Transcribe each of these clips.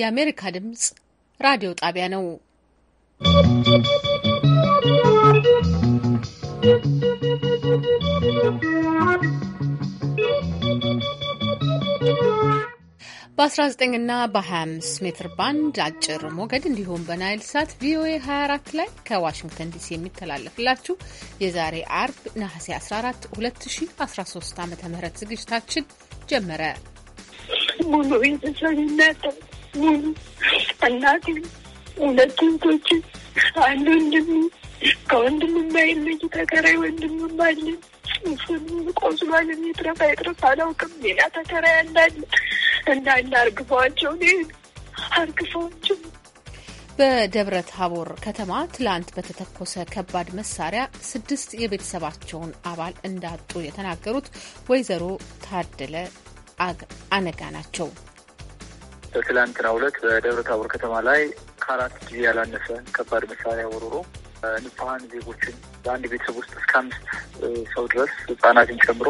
የአሜሪካ ድምጽ ራዲዮ ጣቢያ ነው። በ19 እና በ25 ሜትር ባንድ አጭር ሞገድ እንዲሁም በናይል ሳት ቪኦኤ 24 ላይ ከዋሽንግተን ዲሲ የሚተላለፍላችሁ የዛሬ አርብ ነሐሴ 14 2013 ዓ ም ዝግጅታችን ጀመረ። ሙሉ ቤተሰብ ይናጠብ እናቴ ሁለት እህቶች አንድ ወንድም የማይለይ ተከራይ እሱን ቆስሏል። አላውቅም። ሌላ ተከራይ አንዳለ እንዳለ አርግፈዋቸው አርግፈዋቸው በደብረ ታቦር ከተማ ትላንት በተተኮሰ ከባድ መሳሪያ ስድስት የቤተሰባቸውን አባል እንዳጡ የተናገሩት ወይዘሮ ታደለ አነጋ ናቸው። በትላንትናው ዕለት በደብረ ታቦር ከተማ ላይ ከአራት ጊዜ ያላነሰ ከባድ መሳሪያ ወሮሮ ንጹሐን ዜጎችን በአንድ ቤተሰብ ውስጥ እስከ አምስት ሰው ድረስ ህጻናትን ጨምሮ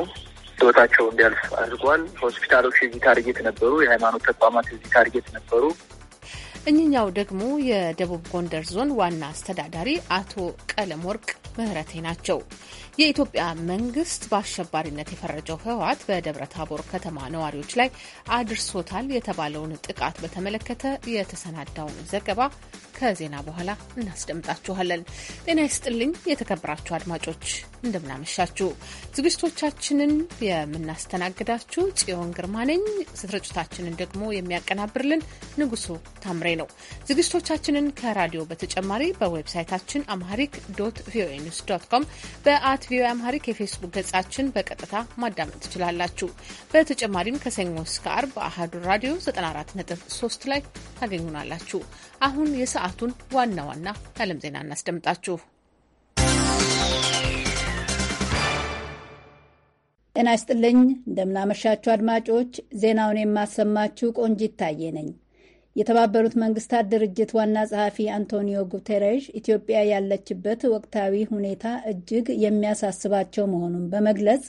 ህይወታቸው እንዲያልፍ አድርጓል። ሆስፒታሎች የዚህ ታርጌት ነበሩ። የሃይማኖት ተቋማት የዚህ ታርጌት ነበሩ። እኚኛው ደግሞ የደቡብ ጎንደር ዞን ዋና አስተዳዳሪ አቶ ቀለም ወርቅ ምህረቴ ናቸው። የኢትዮጵያ መንግስት በአሸባሪነት የፈረጀው ህወሓት በደብረ ታቦር ከተማ ነዋሪዎች ላይ አድርሶታል የተባለውን ጥቃት በተመለከተ የተሰናዳውን ዘገባ ከዜና በኋላ እናስደምጣችኋለን። ጤና ይስጥልኝ የተከበራችሁ አድማጮች፣ እንደምናመሻችሁ። ዝግጅቶቻችንን የምናስተናግዳችሁ ጽዮን ግርማ ነኝ። ስርጭታችንን ደግሞ የሚያቀናብርልን ንጉሱ ታምሬ ነው። ዝግጅቶቻችንን ከራዲዮ በተጨማሪ በዌብሳይታችን አምሃሪክ ዶት ቪኦኤ ኒውስ ዶት ኮም በአት ቪኦኤ አምሃሪክ የፌስቡክ ገጻችን በቀጥታ ማዳመጥ ትችላላችሁ። በተጨማሪም ከሰኞ እስከ አርብ በአህዱ ራዲዮ 94.3 ላይ ታገኙናላችሁ። አሁን የሰዓቱን ዋና ዋና የዓለም ዜና እናስደምጣችሁ። ጤና ይስጥልኝ። እንደምናመሻችሁ አድማጮች፣ ዜናውን የማሰማችሁ ቆንጂት ታዬ ነኝ። የተባበሩት መንግስታት ድርጅት ዋና ጸሐፊ አንቶኒዮ ጉቴሬሽ ኢትዮጵያ ያለችበት ወቅታዊ ሁኔታ እጅግ የሚያሳስባቸው መሆኑን በመግለጽ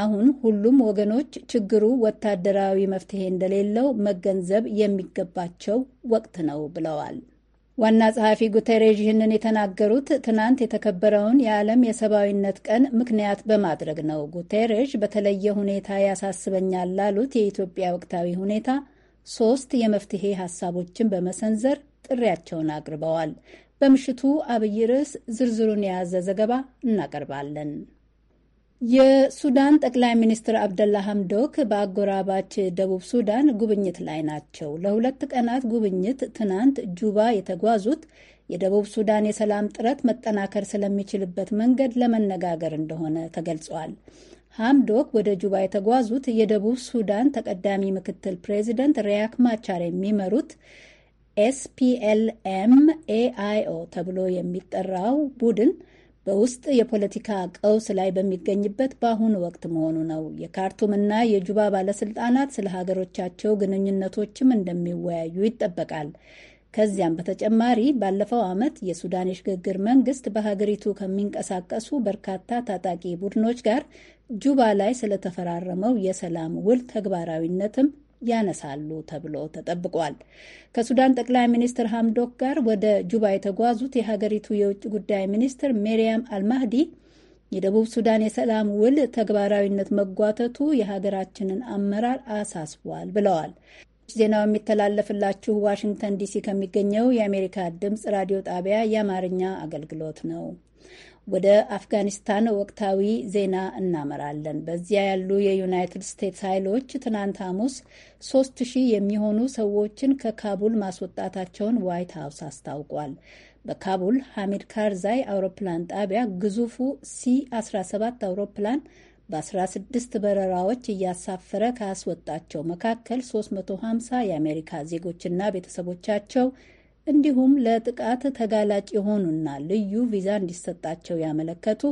አሁን ሁሉም ወገኖች ችግሩ ወታደራዊ መፍትሄ እንደሌለው መገንዘብ የሚገባቸው ወቅት ነው ብለዋል። ዋና ጸሐፊ ጉተሬዥ ይህንን የተናገሩት ትናንት የተከበረውን የዓለም የሰብአዊነት ቀን ምክንያት በማድረግ ነው። ጉቴሬዥ በተለየ ሁኔታ ያሳስበኛል ላሉት የኢትዮጵያ ወቅታዊ ሁኔታ ሶስት የመፍትሄ ሀሳቦችን በመሰንዘር ጥሪያቸውን አቅርበዋል። በምሽቱ አብይ ርዕስ ዝርዝሩን የያዘ ዘገባ እናቀርባለን። የሱዳን ጠቅላይ ሚኒስትር አብደላ ሐምዶክ በአጎራባች ደቡብ ሱዳን ጉብኝት ላይ ናቸው። ለሁለት ቀናት ጉብኝት ትናንት ጁባ የተጓዙት የደቡብ ሱዳን የሰላም ጥረት መጠናከር ስለሚችልበት መንገድ ለመነጋገር እንደሆነ ተገልጿል። ሃምዶክ ወደ ጁባ የተጓዙት የደቡብ ሱዳን ተቀዳሚ ምክትል ፕሬዚደንት ሪያክ ማቻር የሚመሩት ኤስፒኤልኤም ኤአይኦ ተብሎ የሚጠራው ቡድን በውስጥ የፖለቲካ ቀውስ ላይ በሚገኝበት በአሁኑ ወቅት መሆኑ ነው። የካርቱምና የጁባ ባለስልጣናት ስለ ሀገሮቻቸው ግንኙነቶችም እንደሚወያዩ ይጠበቃል። ከዚያም በተጨማሪ ባለፈው ዓመት የሱዳን የሽግግር መንግስት በሀገሪቱ ከሚንቀሳቀሱ በርካታ ታጣቂ ቡድኖች ጋር ጁባ ላይ ስለተፈራረመው የሰላም ውል ተግባራዊነትም ያነሳሉ ተብሎ ተጠብቋል። ከሱዳን ጠቅላይ ሚኒስትር ሐምዶክ ጋር ወደ ጁባ የተጓዙት የሀገሪቱ የውጭ ጉዳይ ሚኒስትር ሜሪያም አልማህዲ የደቡብ ሱዳን የሰላም ውል ተግባራዊነት መጓተቱ የሀገራችንን አመራር አሳስቧል ብለዋል። ዜናው የሚተላለፍላችሁ ዋሽንግተን ዲሲ ከሚገኘው የአሜሪካ ድምፅ ራዲዮ ጣቢያ የአማርኛ አገልግሎት ነው። ወደ አፍጋኒስታን ወቅታዊ ዜና እናመራለን። በዚያ ያሉ የዩናይትድ ስቴትስ ኃይሎች ትናንት ሐሙስ ሶስት ሺህ የሚሆኑ ሰዎችን ከካቡል ማስወጣታቸውን ዋይት ሀውስ አስታውቋል። በካቡል ሐሚድ ካርዛይ አውሮፕላን ጣቢያ ግዙፉ ሲ 17 አውሮፕላን በ16 በረራዎች እያሳፈረ ካስወጣቸው መካከል 350 የአሜሪካ ዜጎችና ቤተሰቦቻቸው እንዲሁም ለጥቃት ተጋላጭ የሆኑና ልዩ ቪዛ እንዲሰጣቸው ያመለከቱ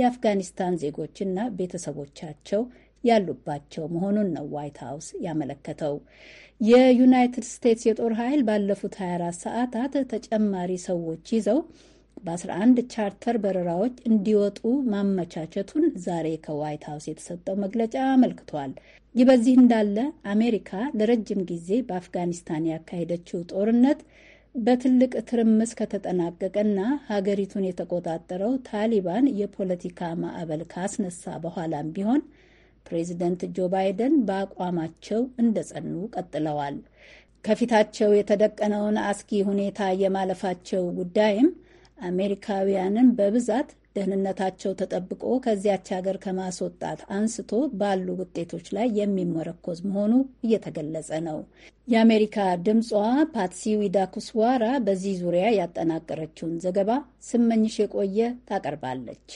የአፍጋኒስታን ዜጎችና ቤተሰቦቻቸው ያሉባቸው መሆኑን ነው ዋይት ሀውስ ያመለከተው። የዩናይትድ ስቴትስ የጦር ኃይል ባለፉት 24 ሰዓታት ተጨማሪ ሰዎች ይዘው በ11 ቻርተር በረራዎች እንዲወጡ ማመቻቸቱን ዛሬ ከዋይት ሀውስ የተሰጠው መግለጫ አመልክቷል። ይህ በዚህ እንዳለ አሜሪካ ለረጅም ጊዜ በአፍጋኒስታን ያካሄደችው ጦርነት በትልቅ ትርምስ ከተጠናቀቀና ሀገሪቱን የተቆጣጠረው ታሊባን የፖለቲካ ማዕበል ካስነሳ በኋላም ቢሆን ፕሬዚደንት ጆ ባይደን በአቋማቸው እንደጸኑ ቀጥለዋል። ከፊታቸው የተደቀነውን አስጊ ሁኔታ የማለፋቸው ጉዳይም አሜሪካውያንን በብዛት ደህንነታቸው ተጠብቆ ከዚያች ሀገር ከማስወጣት አንስቶ ባሉ ውጤቶች ላይ የሚመረኮዝ መሆኑ እየተገለጸ ነው። የአሜሪካ ድምጿ ፓትሲ ዊዳኩስዋራ በዚህ ዙሪያ ያጠናቀረችውን ዘገባ ስመኝሽ የቆየ ታቀርባለች።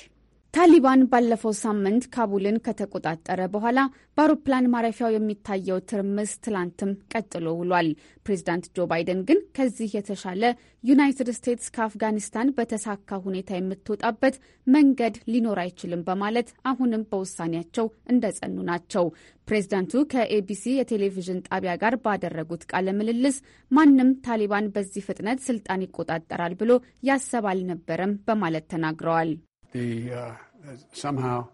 ታሊባን ባለፈው ሳምንት ካቡልን ከተቆጣጠረ በኋላ በአውሮፕላን ማረፊያው የሚታየው ትርምስ ትላንትም ቀጥሎ ውሏል። ፕሬዚዳንት ጆ ባይደን ግን ከዚህ የተሻለ ዩናይትድ ስቴትስ ከአፍጋኒስታን በተሳካ ሁኔታ የምትወጣበት መንገድ ሊኖር አይችልም በማለት አሁንም በውሳኔያቸው እንደጸኑ ናቸው። ፕሬዚዳንቱ ከኤቢሲ የቴሌቪዥን ጣቢያ ጋር ባደረጉት ቃለ ምልልስ ማንም ታሊባን በዚህ ፍጥነት ስልጣን ይቆጣጠራል ብሎ ያሰብ አልነበረም በማለት ተናግረዋል። the uh, somehow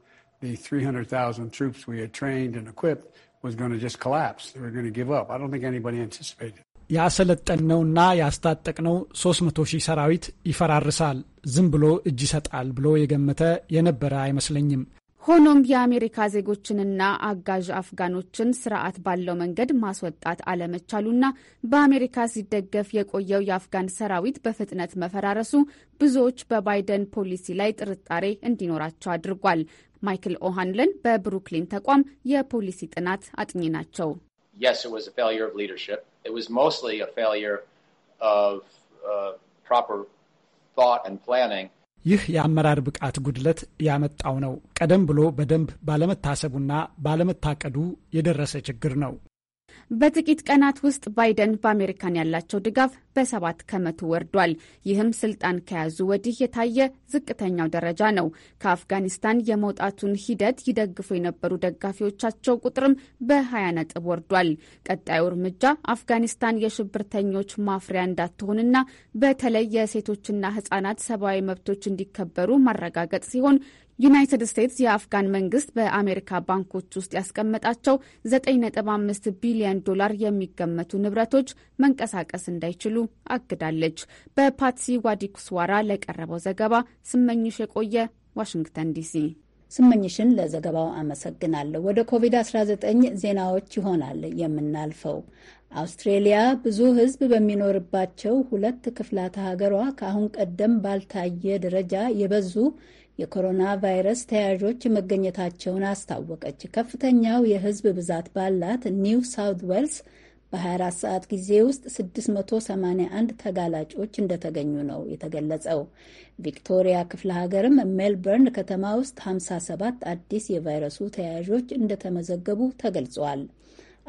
the 300,000 troops we had trained and equipped was going to just collapse. They were going to give up. I don't think anybody anticipated. ያስታጠቅነው 300 ሺህ ሰራዊት ይፈራርሳል፣ ዝም ብሎ እጅ ይሰጣል ብሎ የገመተ የነበረ አይመስለኝም። ሆኖም የአሜሪካ ዜጎችንና አጋዥ አፍጋኖችን ስርዓት ባለው መንገድ ማስወጣት አለመቻሉና በአሜሪካ ሲደገፍ የቆየው የአፍጋን ሰራዊት በፍጥነት መፈራረሱ ብዙዎች በባይደን ፖሊሲ ላይ ጥርጣሬ እንዲኖራቸው አድርጓል። ማይክል ኦሃንለን በብሩክሊን ተቋም የፖሊሲ ጥናት አጥኚ ናቸው። ፕሮፐር ፕላኒንግ ይህ የአመራር ብቃት ጉድለት ያመጣው ነው። ቀደም ብሎ በደንብ ባለመታሰቡና ባለመታቀዱ የደረሰ ችግር ነው። በጥቂት ቀናት ውስጥ ባይደን በአሜሪካን ያላቸው ድጋፍ በሰባት ከመቶ ወርዷል። ይህም ስልጣን ከያዙ ወዲህ የታየ ዝቅተኛው ደረጃ ነው። ከአፍጋኒስታን የመውጣቱን ሂደት ይደግፉ የነበሩ ደጋፊዎቻቸው ቁጥርም በ20 ነጥብ ወርዷል። ቀጣዩ እርምጃ አፍጋኒስታን የሽብርተኞች ማፍሪያ እንዳትሆንና በተለይ የሴቶችና ህጻናት ሰብአዊ መብቶች እንዲከበሩ ማረጋገጥ ሲሆን ዩናይትድ ስቴትስ የአፍጋን መንግስት በአሜሪካ ባንኮች ውስጥ ያስቀመጣቸው 9.5 ቢሊዮን ዶላር የሚገመቱ ንብረቶች መንቀሳቀስ እንዳይችሉ አግዳለች። በፓትሲ ዋዲኩስዋራ ለቀረበው ዘገባ ስመኝሽ የቆየ ዋሽንግተን ዲሲ። ስመኝሽን ለዘገባው አመሰግናለሁ። ወደ ኮቪድ-19 ዜናዎች ይሆናል የምናልፈው። አውስትሬሊያ ብዙ ሕዝብ በሚኖርባቸው ሁለት ክፍላተ ሀገሯ ከአሁን ቀደም ባልታየ ደረጃ የበዙ የኮሮና ቫይረስ ተያዦች መገኘታቸውን አስታወቀች። ከፍተኛው የሕዝብ ብዛት ባላት ኒው ሳውት ዌልስ በ24 ሰዓት ጊዜ ውስጥ 681 ተጋላጮች እንደተገኙ ነው የተገለጸው። ቪክቶሪያ ክፍለ ሀገርም ሜልበርን ከተማ ውስጥ 57 አዲስ የቫይረሱ ተያያዦች እንደተመዘገቡ ተገልጿል።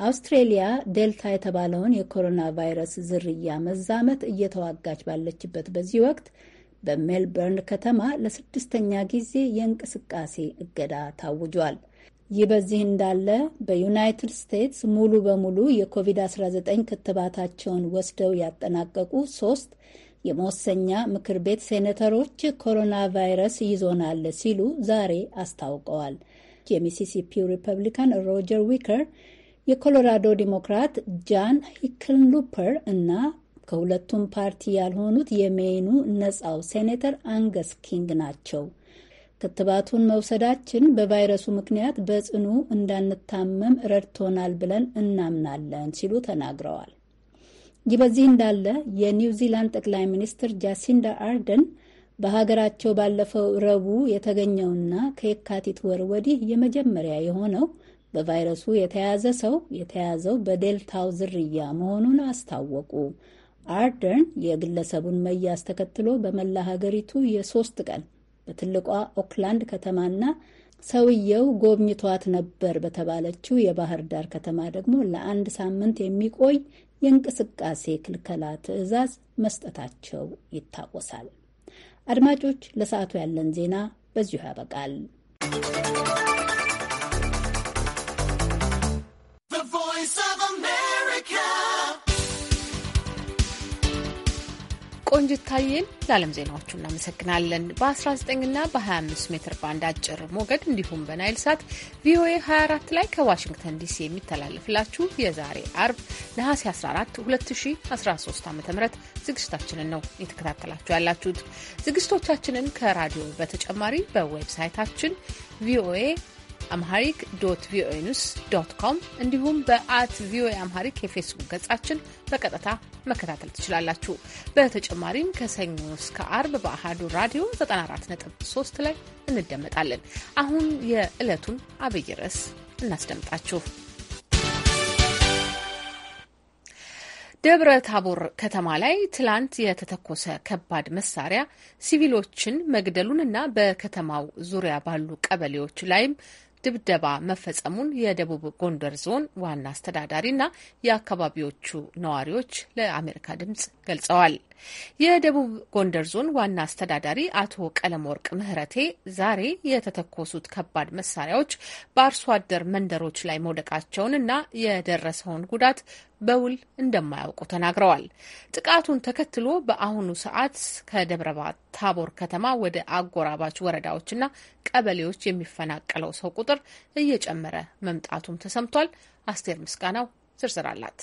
አውስትሬሊያ ዴልታ የተባለውን የኮሮና ቫይረስ ዝርያ መዛመት እየተዋጋች ባለችበት በዚህ ወቅት በሜልበርን ከተማ ለስድስተኛ ጊዜ የእንቅስቃሴ እገዳ ታውጇል። ይህ በዚህ እንዳለ በዩናይትድ ስቴትስ ሙሉ በሙሉ የኮቪድ-19 ክትባታቸውን ወስደው ያጠናቀቁ ሶስት የመወሰኛ ምክር ቤት ሴኔተሮች ኮሮና ቫይረስ ይዞናል ሲሉ ዛሬ አስታውቀዋል። የሚሲሲፒው ሪፐብሊካን ሮጀር ዊከር፣ የኮሎራዶ ዲሞክራት ጃን ሂክን ሉፐር እና ከሁለቱም ፓርቲ ያልሆኑት የሜይኑ ነጻው ሴኔተር አንገስ ኪንግ ናቸው። ክትባቱን መውሰዳችን በቫይረሱ ምክንያት በጽኑ እንዳንታመም ረድቶናል ብለን እናምናለን ሲሉ ተናግረዋል። ይህ በዚህ እንዳለ የኒውዚላንድ ጠቅላይ ሚኒስትር ጃሲንዳ አርደን በሀገራቸው ባለፈው ረቡዕ የተገኘውና ከየካቲት ወር ወዲህ የመጀመሪያ የሆነው በቫይረሱ የተያዘ ሰው የተያዘው በዴልታው ዝርያ መሆኑን አስታወቁ። አርደርን የግለሰቡን መያዝ ተከትሎ በመላ ሀገሪቱ የሶስት ቀን በትልቋ ኦክላንድ ከተማና ሰውየው ጎብኝቷት ነበር በተባለችው የባህር ዳር ከተማ ደግሞ ለአንድ ሳምንት የሚቆይ የእንቅስቃሴ ክልከላ ትዕዛዝ መስጠታቸው ይታወሳል። አድማጮች፣ ለሰዓቱ ያለን ዜና በዚሁ ያበቃል። ቆንጅት ታየን ለዓለም ዜናዎቹ እናመሰግናለን። በ19ና በ25 ሜትር ባንድ አጭር ሞገድ እንዲሁም በናይል ሳት ቪኦኤ 24 ላይ ከዋሽንግተን ዲሲ የሚተላለፍላችሁ የዛሬ አርብ ነሐሴ 14 2013 ዓ ም ዝግጅታችንን ነው የተከታተላችሁ ያላችሁት። ዝግጅቶቻችንን ከራዲዮ በተጨማሪ በዌብሳይታችን ቪኦኤ አምሃሪክ ዶት ቪኦኤ ኒውስ ዶት ኮም እንዲሁም በአት ቪኦኤ አምሃሪክ የፌስቡክ ገጻችን በቀጥታ መከታተል ትችላላችሁ። በተጨማሪም ከሰኞ እስከ አርብ በአህዱ ራዲዮ 94.3 ላይ እንደመጣለን። አሁን የዕለቱን አብይ ርዕስ እናስደምጣችሁ። ደብረ ታቦር ከተማ ላይ ትላንት የተተኮሰ ከባድ መሳሪያ ሲቪሎችን መግደሉንና በከተማው ዙሪያ ባሉ ቀበሌዎች ላይም ድብደባ መፈጸሙን የደቡብ ጎንደር ዞን ዋና አስተዳዳሪና የአካባቢዎቹ ነዋሪዎች ለአሜሪካ ድምጽ ገልጸዋል። የደቡብ ጎንደር ዞን ዋና አስተዳዳሪ አቶ ቀለመወርቅ ምህረቴ ዛሬ የተተኮሱት ከባድ መሳሪያዎች በአርሶ አደር መንደሮች ላይ መውደቃቸውን እና የደረሰውን ጉዳት በውል እንደማያውቁ ተናግረዋል። ጥቃቱን ተከትሎ በአሁኑ ሰዓት ከደብረ ታቦር ከተማ ወደ አጎራባች ወረዳዎችና ቀበሌዎች የሚፈናቀለው ሰው ቁጥር እየጨመረ መምጣቱም ተሰምቷል። አስቴር ምስጋናው ዝርዝር አላት።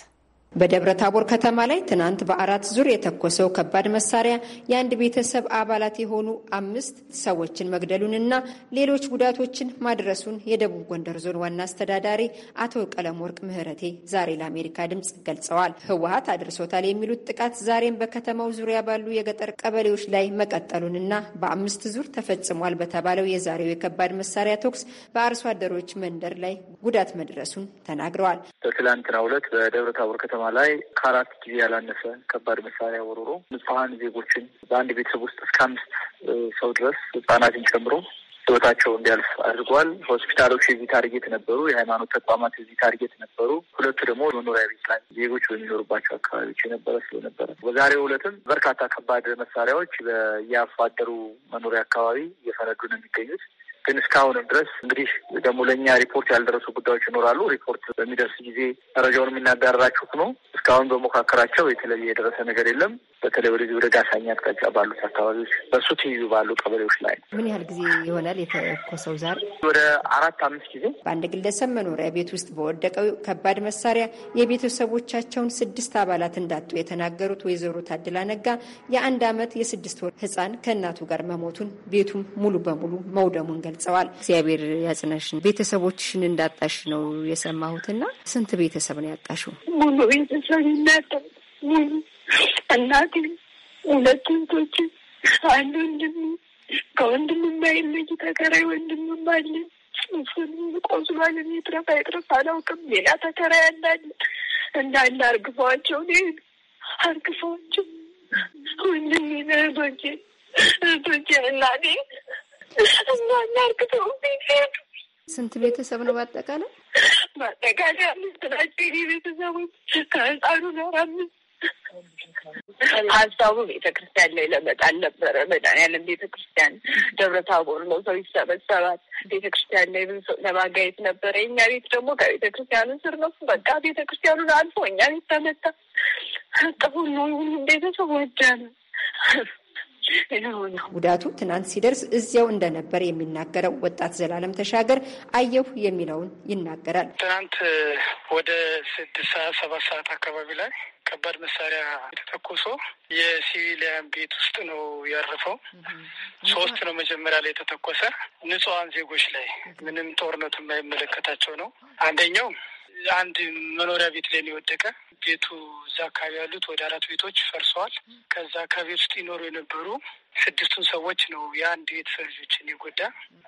በደብረ ታቦር ከተማ ላይ ትናንት በአራት ዙር የተኮሰው ከባድ መሳሪያ የአንድ ቤተሰብ አባላት የሆኑ አምስት ሰዎችን መግደሉንና ሌሎች ጉዳቶችን ማድረሱን የደቡብ ጎንደር ዞን ዋና አስተዳዳሪ አቶ ቀለም ወርቅ ምህረቴ ዛሬ ለአሜሪካ ድምፅ ገልጸዋል። ህወሀት አድርሶታል የሚሉት ጥቃት ዛሬም በከተማው ዙሪያ ባሉ የገጠር ቀበሌዎች ላይ መቀጠሉንና በአምስት ዙር ተፈጽሟል በተባለው የዛሬው የከባድ መሳሪያ ተኩስ በአርሶ አደሮች መንደር ላይ ጉዳት መድረሱን ተናግረዋል። በትላንትናው በደብረ ታቦር ከተማ ከተማ ላይ ከአራት ጊዜ ያላነሰ ከባድ መሳሪያ ወሮሮ ንጹሐን ዜጎችን በአንድ ቤተሰብ ውስጥ እስከ አምስት ሰው ድረስ ህጻናትን ጨምሮ ህይወታቸው እንዲያልፍ አድርጓል። ሆስፒታሎች የዚህ ታርጌት ነበሩ። የሃይማኖት ተቋማት የዚህ ታርጌት ነበሩ። ሁለቱ ደግሞ መኖሪያ ቤት ላይ ዜጎች በሚኖሩባቸው አካባቢዎች የነበረ ስለነበረ በዛሬው ዕለትም በርካታ ከባድ መሳሪያዎች በያፋደሩ መኖሪያ አካባቢ እየፈረዱ ነው የሚገኙት። ግን እስካሁንም ድረስ እንግዲህ ደግሞ ለእኛ ሪፖርት ያልደረሱ ጉዳዮች ይኖራሉ። ሪፖርት በሚደርስ ጊዜ መረጃውን የሚናጋራችሁ ነው። እስካሁን በሞካከራቸው የተለየ የደረሰ ነገር የለም። በተለይ ወደዚህ ወደ ጋሳኝ አቅጣጫ ባሉት አካባቢዎች በእሱ ትይዩ ባሉ ቀበሌዎች ላይ ምን ያህል ጊዜ ይሆናል የተኮሰው? ዛር ወደ አራት አምስት ጊዜ በአንድ ግለሰብ መኖሪያ ቤት ውስጥ በወደቀው ከባድ መሳሪያ የቤተሰቦቻቸውን ስድስት አባላት እንዳጡ የተናገሩት ወይዘሮ ታድላ ነጋ የአንድ አመት የስድስት ወር ህፃን ከእናቱ ጋር መሞቱን ቤቱም ሙሉ በሙሉ መውደሙን ገ ገልጸዋል። እግዚአብሔር ያጽናሽን። ቤተሰቦችሽን እንዳጣሽ ነው የሰማሁትና ስንት ቤተሰብ ነው ያጣሽው? ሙሉ ቤተሰብ ይናጠ ሙሉ እናቴ፣ ሁለት እህቶች፣ አንድ ወንድም ከወንድም የማይለይ ተከራይ አለ። ቆስሏል። አይትረፍ አላውቅም። ሌላ ተከራይ አንዳለ እንዳለ አርግፈዋቸው ሄድ አርግፈዋቸው ወንድም እህቶቼ እህቶቼ እናቴ ስንት ቤተሰብ ነው ባጠቃላይ? በአጠቃላይ አምስት ናቸው ይሄ ቤተሰቦች ከህፃኑ ጋር አምስት። ሀሳቡ ቤተክርስቲያን ላይ ለመጣል ነበረ። መድኃኒዓለም ቤተክርስቲያን ደብረ ታቦር ነው፣ ሰው ይሰበሰባል። ቤተክርስቲያን ላይ ብዙ ሰው ለማጋየት ነበረ። የእኛ ቤት ደግሞ ከቤተክርስቲያኑ ስር ነው። በቃ ቤተክርስቲያኑን አልፎ እኛ ቤት ተመታ። ጥፉ ቤተሰብ ነው ጉዳቱ ትናንት ሲደርስ እዚያው እንደነበር የሚናገረው ወጣት ዘላለም ተሻገር አየሁ የሚለውን ይናገራል። ትናንት ወደ ስድስት ሰዓት ሰባት ሰዓት አካባቢ ላይ ከባድ መሳሪያ የተተኮሶ የሲቪሊያን ቤት ውስጥ ነው ያረፈው። ሶስት ነው መጀመሪያ ላይ የተተኮሰ ንጹሐን ዜጎች ላይ ምንም ጦርነቱ የማይመለከታቸው ነው። አንደኛው አንድ መኖሪያ ቤት ላይ ነው የወደቀ ቤቱ እዛ አካባቢ ያሉት ወደ አራት ቤቶች ፈርሰዋል። ከዛ ከቤት ውስጥ ይኖሩ የነበሩ ስድስቱን ሰዎች ነው የአንድ ቤተሰብ ልጆችን የጎዳ።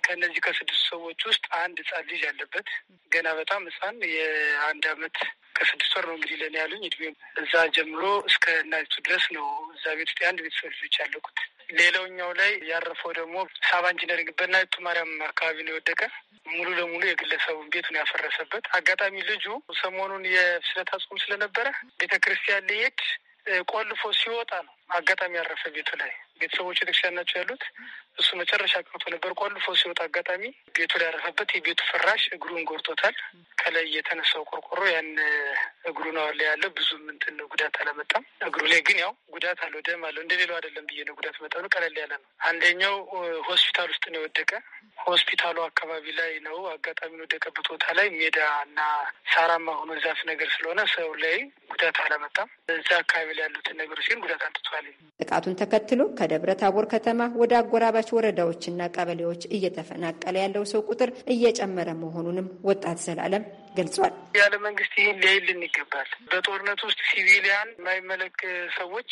ከእነዚህ ከስድስቱ ሰዎች ውስጥ አንድ ህጻን ልጅ ያለበት ገና በጣም ህጻን የአንድ አመት ከስድስት ወር ነው እንግዲህ ለእኔ ያሉኝ እድሜ እዛ ጀምሮ እስከ እናቱ ድረስ ነው እዛ ቤት ውስጥ የአንድ ቤተሰብ ልጆች ያለቁት። ሌላውኛው ላይ ያረፈው ደግሞ ሳባ ኢንጂነሪንግ በናይቱ ማርያም አካባቢ ነው የወደቀ። ሙሉ ለሙሉ የግለሰቡን ቤት ነው ያፈረሰበት። አጋጣሚ ልጁ ሰሞኑን የፍስለት አጽም ስለነበረ ቤተ ክርስቲያን ሊሄድ ቆልፎ ሲወጣ ነው አጋጣሚ ያረፈ ቤቱ ላይ ቤተሰቦች ቤተክርስቲያን ናቸው ያሉት። እሱ መጨረሻ ቀርቶ ነበር ቆልፎ ሲወጣ አጋጣሚ ቤቱ ሊያረፈበት የቤቱ ፍራሽ እግሩን ጎርቶታል። ከላይ የተነሳው ቆርቆሮ ያን እግሩ ነው አለ ያለው። ብዙ ምንትን ጉዳት አላመጣም። እግሩ ላይ ግን ያው ጉዳት አለው፣ ደም አለው። እንደሌላው አይደለም ብዬ ነው። ጉዳት መጠኑ ቀለል ያለ ነው። አንደኛው ሆስፒታል ውስጥ ነው የወደቀ። ሆስፒታሉ አካባቢ ላይ ነው አጋጣሚ የወደቀበት ቦታ ላይ ሜዳ እና ሳራማ ሆኖ ዛፍ ነገር ስለሆነ ሰው ላይ ጉዳት አላመጣም። እዛ አካባቢ ላይ ያሉትን ነገሮች ግን ጉዳት አንጥቷል። ጥቃቱን ተከትሎ ከደብረ ታቦር ከተማ ወደ አጎራባች ወረዳዎችና ቀበሌዎች እየተፈናቀለ ያለው ሰው ቁጥር እየጨመረ መሆኑንም ወጣት ዘላለም ገልጿል። ያለ መንግስት ይህን ሊያይልን ይገባል። በጦርነት ውስጥ ሲቪሊያን የማይመለክ ሰዎች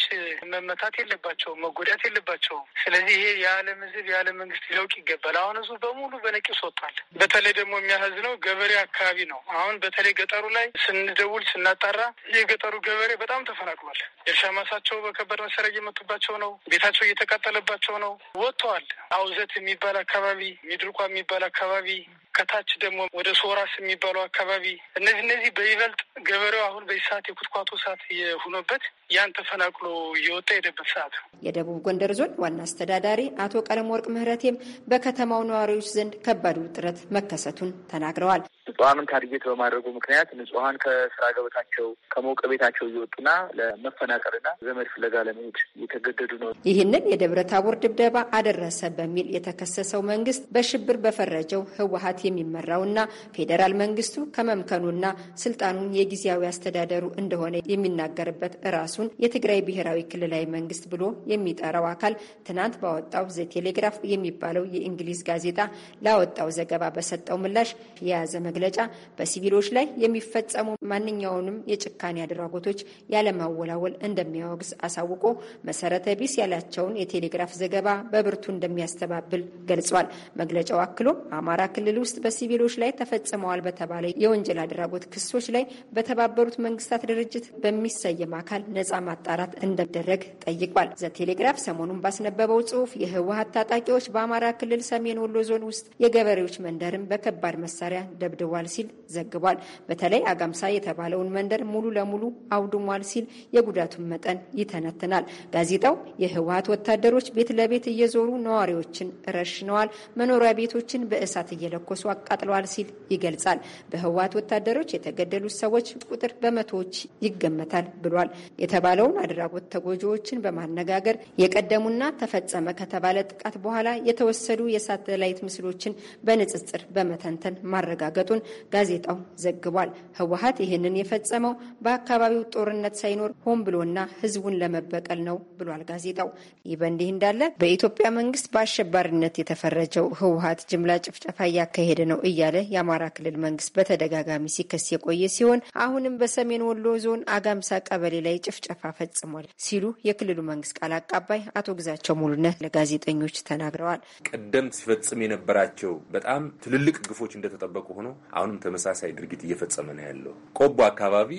መመታት የለባቸውም፣ መጎዳት የለባቸውም። ስለዚህ ይሄ የዓለም ህዝብ የዓለ መንግስት ሊያውቅ ይገባል። አሁን ህዝቡ በሙሉ በነቂስ ወጥቷል። በተለይ ደግሞ የሚያሳዝነው ገበሬ አካባቢ ነው። አሁን በተለይ ገጠሩ ላይ ስንደውል ስናጣራ የገጠሩ ገበሬ በጣም ተፈናቅሏል። እርሻ ማሳቸው በከባድ መሳሪያ እየመቱባቸው ነው። ቤታቸው እየተቃጠለባቸው ነው። ወጥተዋል። አውዘት የሚባል አካባቢ፣ ሚድርቋ የሚባል አካባቢ ከታች ደግሞ ወደ ሶራስ የሚባለው አካባቢ እነዚህ እነዚህ በይበልጥ ገበሬው አሁን በዚህ ሰዓት የኩትኳቶ ሰዓት የሆኖበት ያን ተፈናቅሎ እየወጣ የሄደበት ሰዓት ነው። የደቡብ ጎንደር ዞን ዋና አስተዳዳሪ አቶ ቀለም ወርቅ ምህረቴም በከተማው ነዋሪዎች ዘንድ ከባድ ውጥረት መከሰቱን ተናግረዋል። ንጹሐንን ታርጌት በማድረጉ ምክንያት ንጹሐን ከስራ ገበታቸው ከሞቀ ቤታቸው እየወጡና ለመፈናቀልና ዘመድ ፍለጋ ለመሄድ እየተገደዱ ነው። ይህንን የደብረ ታቦር ድብደባ አደረሰ በሚል የተከሰሰው መንግስት በሽብር በፈረጀው ህወሀት የሚመራውና ፌዴራል መንግስቱ ከመምከኑና ስልጣኑን የጊዜያዊ አስተዳደሩ እንደሆነ የሚናገርበት ራሱን የትግራይ ብሔራዊ ክልላዊ መንግስት ብሎ የሚጠራው አካል ትናንት ባወጣው ዘ ቴሌግራፍ የሚባለው የእንግሊዝ ጋዜጣ ላወጣው ዘገባ በሰጠው ምላሽ የያዘ መግለጫ በሲቪሎች ላይ የሚፈጸሙ ማንኛውንም የጭካኔ አድራጎቶች ያለማወላወል እንደሚያወግዝ አሳውቆ መሰረተ ቢስ ያላቸውን የቴሌግራፍ ዘገባ በብርቱ እንደሚያስተባብል ገልጿል። መግለጫው አክሎ አማራ ክልል ውስጥ መንግስት በሲቪሎች ላይ ተፈጽመዋል በተባለ የወንጀል አድራጎት ክሶች ላይ በተባበሩት መንግስታት ድርጅት በሚሰየም አካል ነጻ ማጣራት እንደደረግ ጠይቋል። ዘቴሌግራፍ ሰሞኑን ባስነበበው ጽሁፍ የህወሀት ታጣቂዎች በአማራ ክልል ሰሜን ወሎ ዞን ውስጥ የገበሬዎች መንደርን በከባድ መሳሪያ ደብድቧል ሲል ዘግቧል። በተለይ አጋምሳ የተባለውን መንደር ሙሉ ለሙሉ አውድሟል ሲል የጉዳቱን መጠን ይተነትናል። ጋዜጣው የህወሀት ወታደሮች ቤት ለቤት እየዞሩ ነዋሪዎችን ረሽነዋል፣ መኖሪያ ቤቶችን በእሳት እየለኮሱ አድርሶ አቃጥለዋል ሲል ይገልጻል። በህወሓት ወታደሮች የተገደሉት ሰዎች ቁጥር በመቶዎች ይገመታል ብሏል። የተባለውን አድራጎት ተጎጂዎችን በማነጋገር የቀደሙና ተፈጸመ ከተባለ ጥቃት በኋላ የተወሰዱ የሳተላይት ምስሎችን በንጽጽር በመተንተን ማረጋገጡን ጋዜጣው ዘግቧል። ህወሓት ይህንን የፈጸመው በአካባቢው ጦርነት ሳይኖር ሆን ብሎና ህዝቡን ለመበቀል ነው ብሏል ጋዜጣው። ይህ በእንዲህ እንዳለ በኢትዮጵያ መንግስት በአሸባሪነት የተፈረጀው ህወሓት ጅምላ ጭፍጨፋ እያካሄደ እየሄደ ነው እያለ የአማራ ክልል መንግስት በተደጋጋሚ ሲከስ የቆየ ሲሆን አሁንም በሰሜን ወሎ ዞን አጋምሳ ቀበሌ ላይ ጭፍጨፋ ፈጽሟል ሲሉ የክልሉ መንግስት ቃል አቃባይ አቶ ግዛቸው ሙሉነት ለጋዜጠኞች ተናግረዋል። ቀደም ሲፈጽም የነበራቸው በጣም ትልልቅ ግፎች እንደተጠበቁ ሆኖ አሁንም ተመሳሳይ ድርጊት እየፈጸመ ነው ያለው። ቆቦ አካባቢ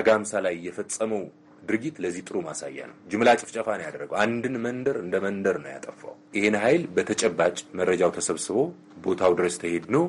አጋምሳ ላይ የፈጸመው ድርጊት ለዚህ ጥሩ ማሳያ ነው። ጅምላ ጭፍጨፋ ነው ያደረገው። አንድን መንደር እንደ መንደር ነው ያጠፋው። ይህን ኃይል በተጨባጭ መረጃው ተሰብስቦ ቦታው ድረስ ተሄድ ነው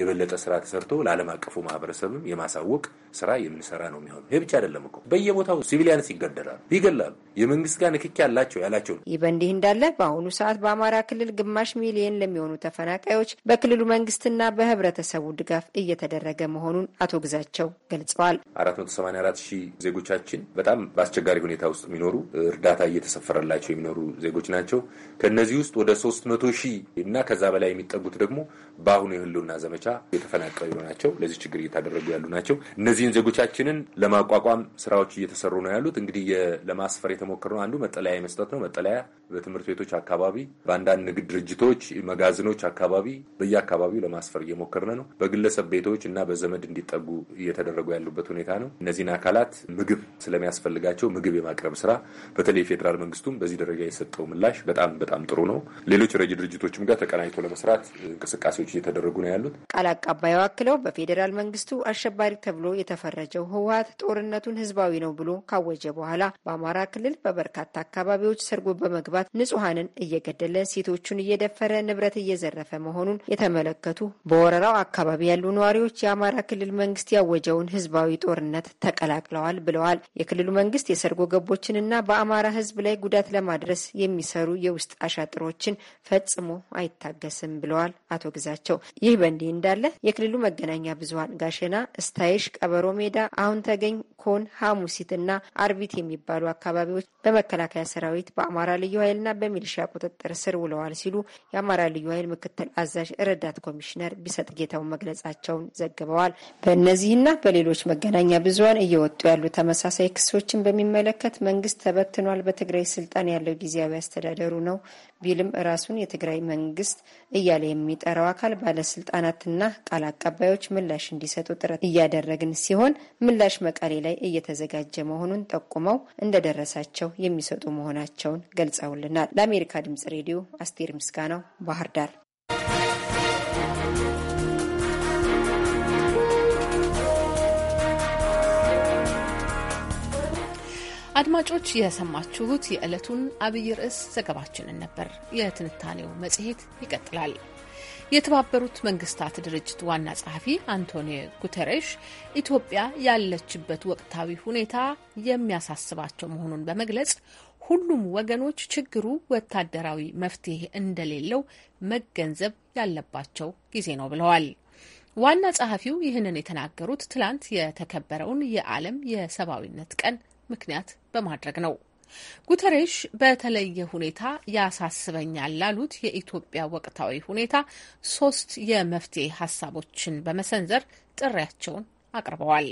የበለጠ ስራ ተሰርቶ ለዓለም አቀፉ ማህበረሰብም የማሳወቅ ስራ የምንሰራ ነው የሚሆነው። ይህ ብቻ አይደለም እኮ በየቦታው ሲቪሊያንስ ይገደላሉ፣ ይገላሉ። የመንግስት ጋር ንክኪ ያላቸው ያላቸው ይህ በእንዲህ እንዳለ በአሁኑ ሰዓት በአማራ ክልል ግማሽ ሚሊየን ለሚሆኑ ተፈናቃዮች በክልሉ መንግስትና በህብረተሰቡ ድጋፍ እየተደረገ መሆኑን አቶ ግዛቸው ገልጸዋል። 484 ሺህ ዜጎቻችን በጣም በአስቸጋሪ ሁኔታ ውስጥ የሚኖሩ እርዳታ እየተሰፈረላቸው የሚኖሩ ዜጎች ናቸው። ከእነዚህ ውስጥ ወደ 300 ሺህ እና ከዛ በላይ የሚጠጉት ደግሞ በአሁኑ የህልውና ዘመቻ የተፈናቀሉ ናቸው። ለዚህ ችግር እየታደረጉ ያሉ ናቸው። እነዚህን ዜጎቻችንን ለማቋቋም ስራዎች እየተሰሩ ነው ያሉት። እንግዲህ ለማስፈር የተሞከረው አንዱ መጠለያ የመስጠት ነው። መጠለያ በትምህርት ቤቶች አካባቢ፣ በአንዳንድ ንግድ ድርጅቶች፣ መጋዘኖች አካባቢ በየአካባቢው ለማስፈር እየሞከርን ነው። በግለሰብ ቤቶች እና በዘመድ እንዲጠጉ እየተደረጉ ያሉበት ሁኔታ ነው። እነዚህን አካላት ምግብ ስለሚያስፈልጋቸው ምግብ የማቅረብ ስራ በተለይ ፌዴራል መንግስቱም በዚህ ደረጃ የሰጠው ምላሽ በጣም በጣም ጥሩ ነው። ሌሎች ረጅ ድርጅቶችም ጋር ተቀናጅቶ ለመስራት እንቅስቃሴዎች እየተደረጉ ነው ያሉት። ቃል አቀባዩ አክለው በፌዴራል መንግስቱ አሸባሪ ተብሎ የተፈረጀው ህወሀት ጦርነቱን ህዝባዊ ነው ብሎ ካወጀ በኋላ በአማራ ክልል በበርካታ አካባቢዎች ሰርጎ በመግባት ንጹሐንን እየገደለ ሴቶቹን እየደፈረ ንብረት እየዘረፈ መሆኑን የተመለከቱ በወረራው አካባቢ ያሉ ነዋሪዎች የአማራ ክልል መንግስት ያወጀውን ህዝባዊ ጦርነት ተቀላቅለዋል ብለዋል። የክልሉ መንግስት የሰርጎ ገቦችንና በአማራ ህዝብ ላይ ጉዳት ለማድረስ የሚሰሩ የውስጥ አሻጥሮችን ፈጽሞ አይታገስም ብለዋል አቶ ግዛቸው። ይህ በእንዲህ እንዳለ የክልሉ መገናኛ ብዙሀን ጋሸና፣ እስታይሽ፣ ቀበሮ ሜዳ፣ አሁን ተገኝ፣ ኮን፣ ሀሙሲት እና አርቢት የሚባሉ አካባቢዎች በመከላከያ ሰራዊት በአማራ ልዩ ኃይልና በሚሊሻ ቁጥጥር ስር ውለዋል ሲሉ የአማራ ልዩ ኃይል ምክትል አዛዥ ረዳት ኮሚሽነር ቢሰጥ ጌታው መግለጻቸውን ዘግበዋል። በእነዚህና በሌሎች መገናኛ ብዙሀን እየወጡ ያሉ ተመሳሳይ ክሶችን በሚመለከት መንግስት ተበትኗል፣ በትግራይ ስልጣን ያለው ጊዜያዊ አስተዳደሩ ነው ቢልም ራሱን የትግራይ መንግስት እያለ የሚጠራው አካል ባለስልጣናትና ቃል አቀባዮች ምላሽ እንዲሰጡ ጥረት እያደረግን ሲሆን ምላሽ መቀሌ ላይ እየተዘጋጀ መሆኑን ጠቁመው እንደደረሳቸው የሚሰጡ መሆናቸውን ገልጸውልናል። ለአሜሪካ ድምጽ ሬዲዮ አስቴር ምስጋናው ባህር ዳር። አድማጮች የሰማችሁት የዕለቱን አብይ ርዕስ ዘገባችንን ነበር። የትንታኔው መጽሔት ይቀጥላል። የተባበሩት መንግስታት ድርጅት ዋና ጸሐፊ አንቶኒዮ ጉተሬሽ ኢትዮጵያ ያለችበት ወቅታዊ ሁኔታ የሚያሳስባቸው መሆኑን በመግለጽ ሁሉም ወገኖች ችግሩ ወታደራዊ መፍትሄ እንደሌለው መገንዘብ ያለባቸው ጊዜ ነው ብለዋል። ዋና ጸሐፊው ይህንን የተናገሩት ትላንት የተከበረውን የዓለም የሰብአዊነት ቀን ምክንያት በማድረግ ነው። ጉተሬሽ በተለየ ሁኔታ ያሳስበኛል ላሉት የኢትዮጵያ ወቅታዊ ሁኔታ ሶስት የመፍትሄ ሀሳቦችን በመሰንዘር ጥሪያቸውን አቅርበዋል።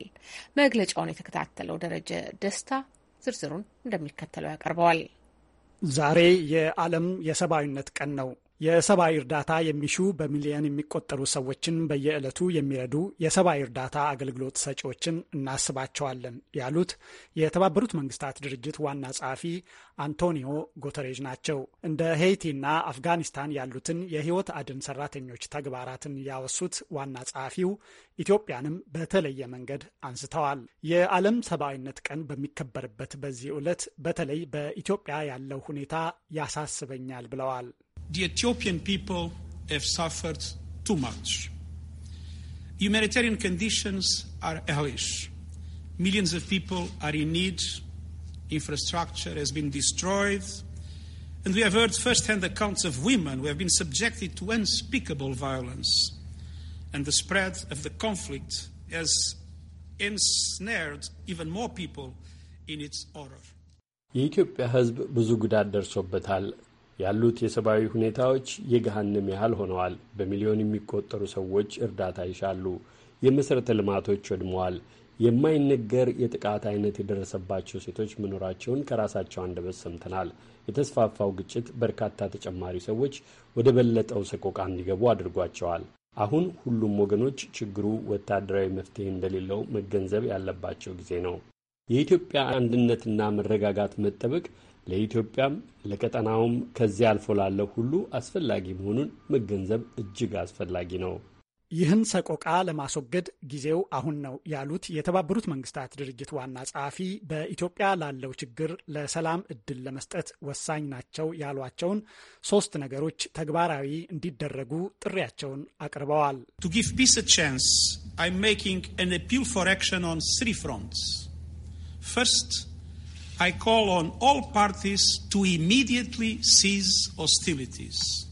መግለጫውን የተከታተለው ደረጀ ደስታ ዝርዝሩን እንደሚከተለው ያቀርበዋል። ዛሬ የዓለም የሰብአዊነት ቀን ነው። የሰብአዊ እርዳታ የሚሹ በሚሊዮን የሚቆጠሩ ሰዎችን በየዕለቱ የሚረዱ የሰብአዊ እርዳታ አገልግሎት ሰጪዎችን እናስባቸዋለን ያሉት የተባበሩት መንግስታት ድርጅት ዋና ጸሐፊ አንቶኒዮ ጉተሬዥ ናቸው። እንደ ሄይቲና አፍጋኒስታን ያሉትን የህይወት አድን ሰራተኞች ተግባራትን ያወሱት ዋና ጸሐፊው ኢትዮጵያንም በተለየ መንገድ አንስተዋል። የዓለም ሰብአዊነት ቀን በሚከበርበት በዚህ ዕለት በተለይ በኢትዮጵያ ያለው ሁኔታ ያሳስበኛል ብለዋል። the Ethiopian people have suffered too much. Humanitarian conditions are hellish. Millions of people are in need, infrastructure has been destroyed, and we have heard firsthand accounts of women who have been subjected to unspeakable violence. And the spread of the conflict has ensnared even more people in its horror. የኢትዮጵያ ሕዝብ ብዙ ጉዳት ደርሶበታል። ያሉት የሰብአዊ ሁኔታዎች የገሃንም ያህል ሆነዋል። በሚሊዮን የሚቆጠሩ ሰዎች እርዳታ ይሻሉ። የመሠረተ ልማቶች ወድመዋል። የማይነገር የጥቃት አይነት የደረሰባቸው ሴቶች መኖራቸውን ከራሳቸው አንደበት ሰምተናል። የተስፋፋው ግጭት በርካታ ተጨማሪ ሰዎች ወደ በለጠው ሰቆቃ እንዲገቡ አድርጓቸዋል። አሁን ሁሉም ወገኖች ችግሩ ወታደራዊ መፍትሄ እንደሌለው መገንዘብ ያለባቸው ጊዜ ነው። የኢትዮጵያ አንድነትና መረጋጋት መጠበቅ ለኢትዮጵያም ለቀጠናውም ከዚያ አልፎ ላለው ሁሉ አስፈላጊ መሆኑን መገንዘብ እጅግ አስፈላጊ ነው። ይህን ሰቆቃ ለማስወገድ ጊዜው አሁን ነው ያሉት የተባበሩት መንግስታት ድርጅት ዋና ጸሐፊ በኢትዮጵያ ላለው ችግር ለሰላም እድል ለመስጠት ወሳኝ ናቸው ያሏቸውን ሶስት ነገሮች ተግባራዊ እንዲደረጉ ጥሪያቸውን አቅርበዋል። To give peace a chance, I'm making an appeal I call on all parties to immediately cease hostilities.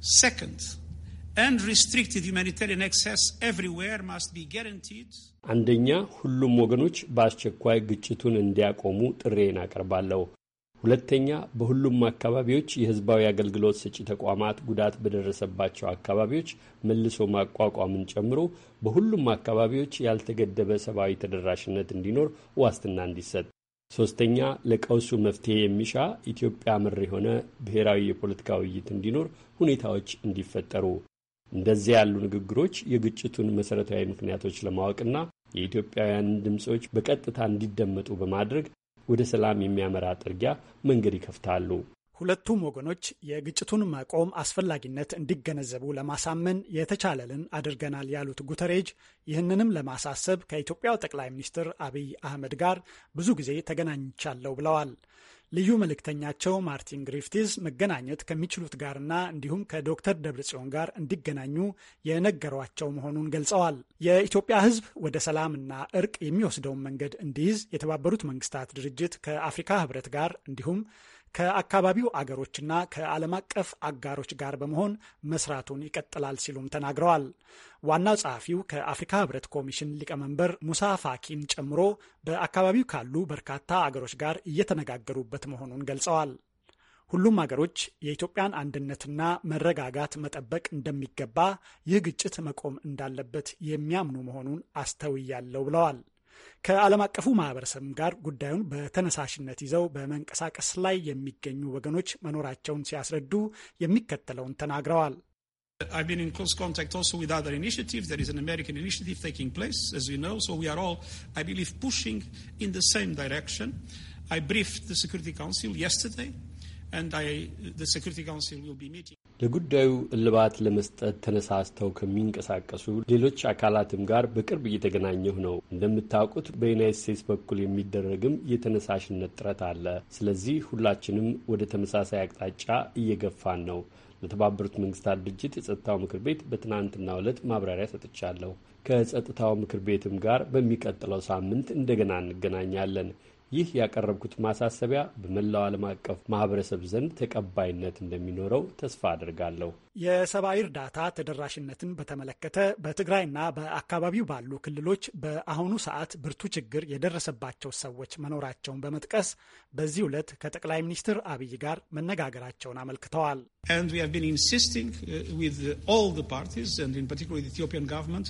Second, unrestricted humanitarian access everywhere must be guaranteed. አንደኛ ሁሉም ወገኖች በአስቸኳይ ግጭቱን እንዲያቆሙ ጥሬን አቀርባለሁ። ሁለተኛ በሁሉም አካባቢዎች የሕዝባዊ አገልግሎት ሰጪ ተቋማት ጉዳት በደረሰባቸው አካባቢዎች መልሶ ማቋቋምን ጨምሮ በሁሉም አካባቢዎች ያልተገደበ ሰብአዊ ተደራሽነት እንዲኖር ዋስትና እንዲሰጥ ሶስተኛ ለቀውሱ መፍትሄ የሚሻ ኢትዮጵያ ምር የሆነ ብሔራዊ የፖለቲካ ውይይት እንዲኖር ሁኔታዎች እንዲፈጠሩ እንደዚህ ያሉ ንግግሮች የግጭቱን መሠረታዊ ምክንያቶች ለማወቅና የኢትዮጵያውያን ድምፆች በቀጥታ እንዲደመጡ በማድረግ ወደ ሰላም የሚያመራ ጥርጊያ መንገድ ይከፍታሉ። ሁለቱም ወገኖች የግጭቱን ማቆም አስፈላጊነት እንዲገነዘቡ ለማሳመን የተቻለልን አድርገናል ያሉት ጉተሬጅ ይህንንም ለማሳሰብ ከኢትዮጵያው ጠቅላይ ሚኒስትር አብይ አህመድ ጋር ብዙ ጊዜ ተገናኝቻለሁ ብለዋል። ልዩ መልእክተኛቸው ማርቲን ግሪፍቲስ መገናኘት ከሚችሉት ጋርና እንዲሁም ከዶክተር ደብረጽዮን ጋር እንዲገናኙ የነገሯቸው መሆኑን ገልጸዋል። የኢትዮጵያ ሕዝብ ወደ ሰላምና እርቅ የሚወስደውን መንገድ እንዲይዝ የተባበሩት መንግስታት ድርጅት ከአፍሪካ ሕብረት ጋር እንዲሁም ከአካባቢው አገሮችና ከዓለም አቀፍ አጋሮች ጋር በመሆን መስራቱን ይቀጥላል ሲሉም ተናግረዋል። ዋናው ጸሐፊው ከአፍሪካ ህብረት ኮሚሽን ሊቀመንበር ሙሳ ፋኪን ጨምሮ በአካባቢው ካሉ በርካታ አገሮች ጋር እየተነጋገሩበት መሆኑን ገልጸዋል። ሁሉም አገሮች የኢትዮጵያን አንድነትና መረጋጋት መጠበቅ እንደሚገባ፣ ይህ ግጭት መቆም እንዳለበት የሚያምኑ መሆኑን አስተውያለሁ ብለዋል። ከዓለም አቀፉ ማህበረሰብም ጋር ጉዳዩን በተነሳሽነት ይዘው በመንቀሳቀስ ላይ የሚገኙ ወገኖች መኖራቸውን ሲያስረዱ የሚከተለውን ተናግረዋል። I've been in close contact also with other initiatives. There is an American initiative taking place, as you know, so we are all, I believe, pushing in the same direction. I briefed the Security Council yesterday, and I, the Security Council will be meeting. ለጉዳዩ እልባት ለመስጠት ተነሳስተው ከሚንቀሳቀሱ ሌሎች አካላትም ጋር በቅርብ እየተገናኘሁ ነው። እንደምታውቁት በዩናይት ስቴትስ በኩል የሚደረግም የተነሳሽነት ጥረት አለ። ስለዚህ ሁላችንም ወደ ተመሳሳይ አቅጣጫ እየገፋን ነው። ለተባበሩት መንግስታት ድርጅት የጸጥታው ምክር ቤት በትናንትናው ዕለት ማብራሪያ ሰጥቻለሁ። ከጸጥታው ምክር ቤትም ጋር በሚቀጥለው ሳምንት እንደገና እንገናኛለን። ይህ ያቀረብኩት ማሳሰቢያ በመላው ዓለም አቀፍ ማህበረሰብ ዘንድ ተቀባይነት እንደሚኖረው ተስፋ አድርጋለሁ። የሰብአዊ እርዳታ ተደራሽነትን በተመለከተ በትግራይና በአካባቢው ባሉ ክልሎች በአሁኑ ሰዓት ብርቱ ችግር የደረሰባቸው ሰዎች መኖራቸውን በመጥቀስ በዚህ ዕለት ከጠቅላይ ሚኒስትር አብይ ጋር መነጋገራቸውን አመልክተዋል። And we have been insisting uh, with all the parties and in particular the Ethiopian government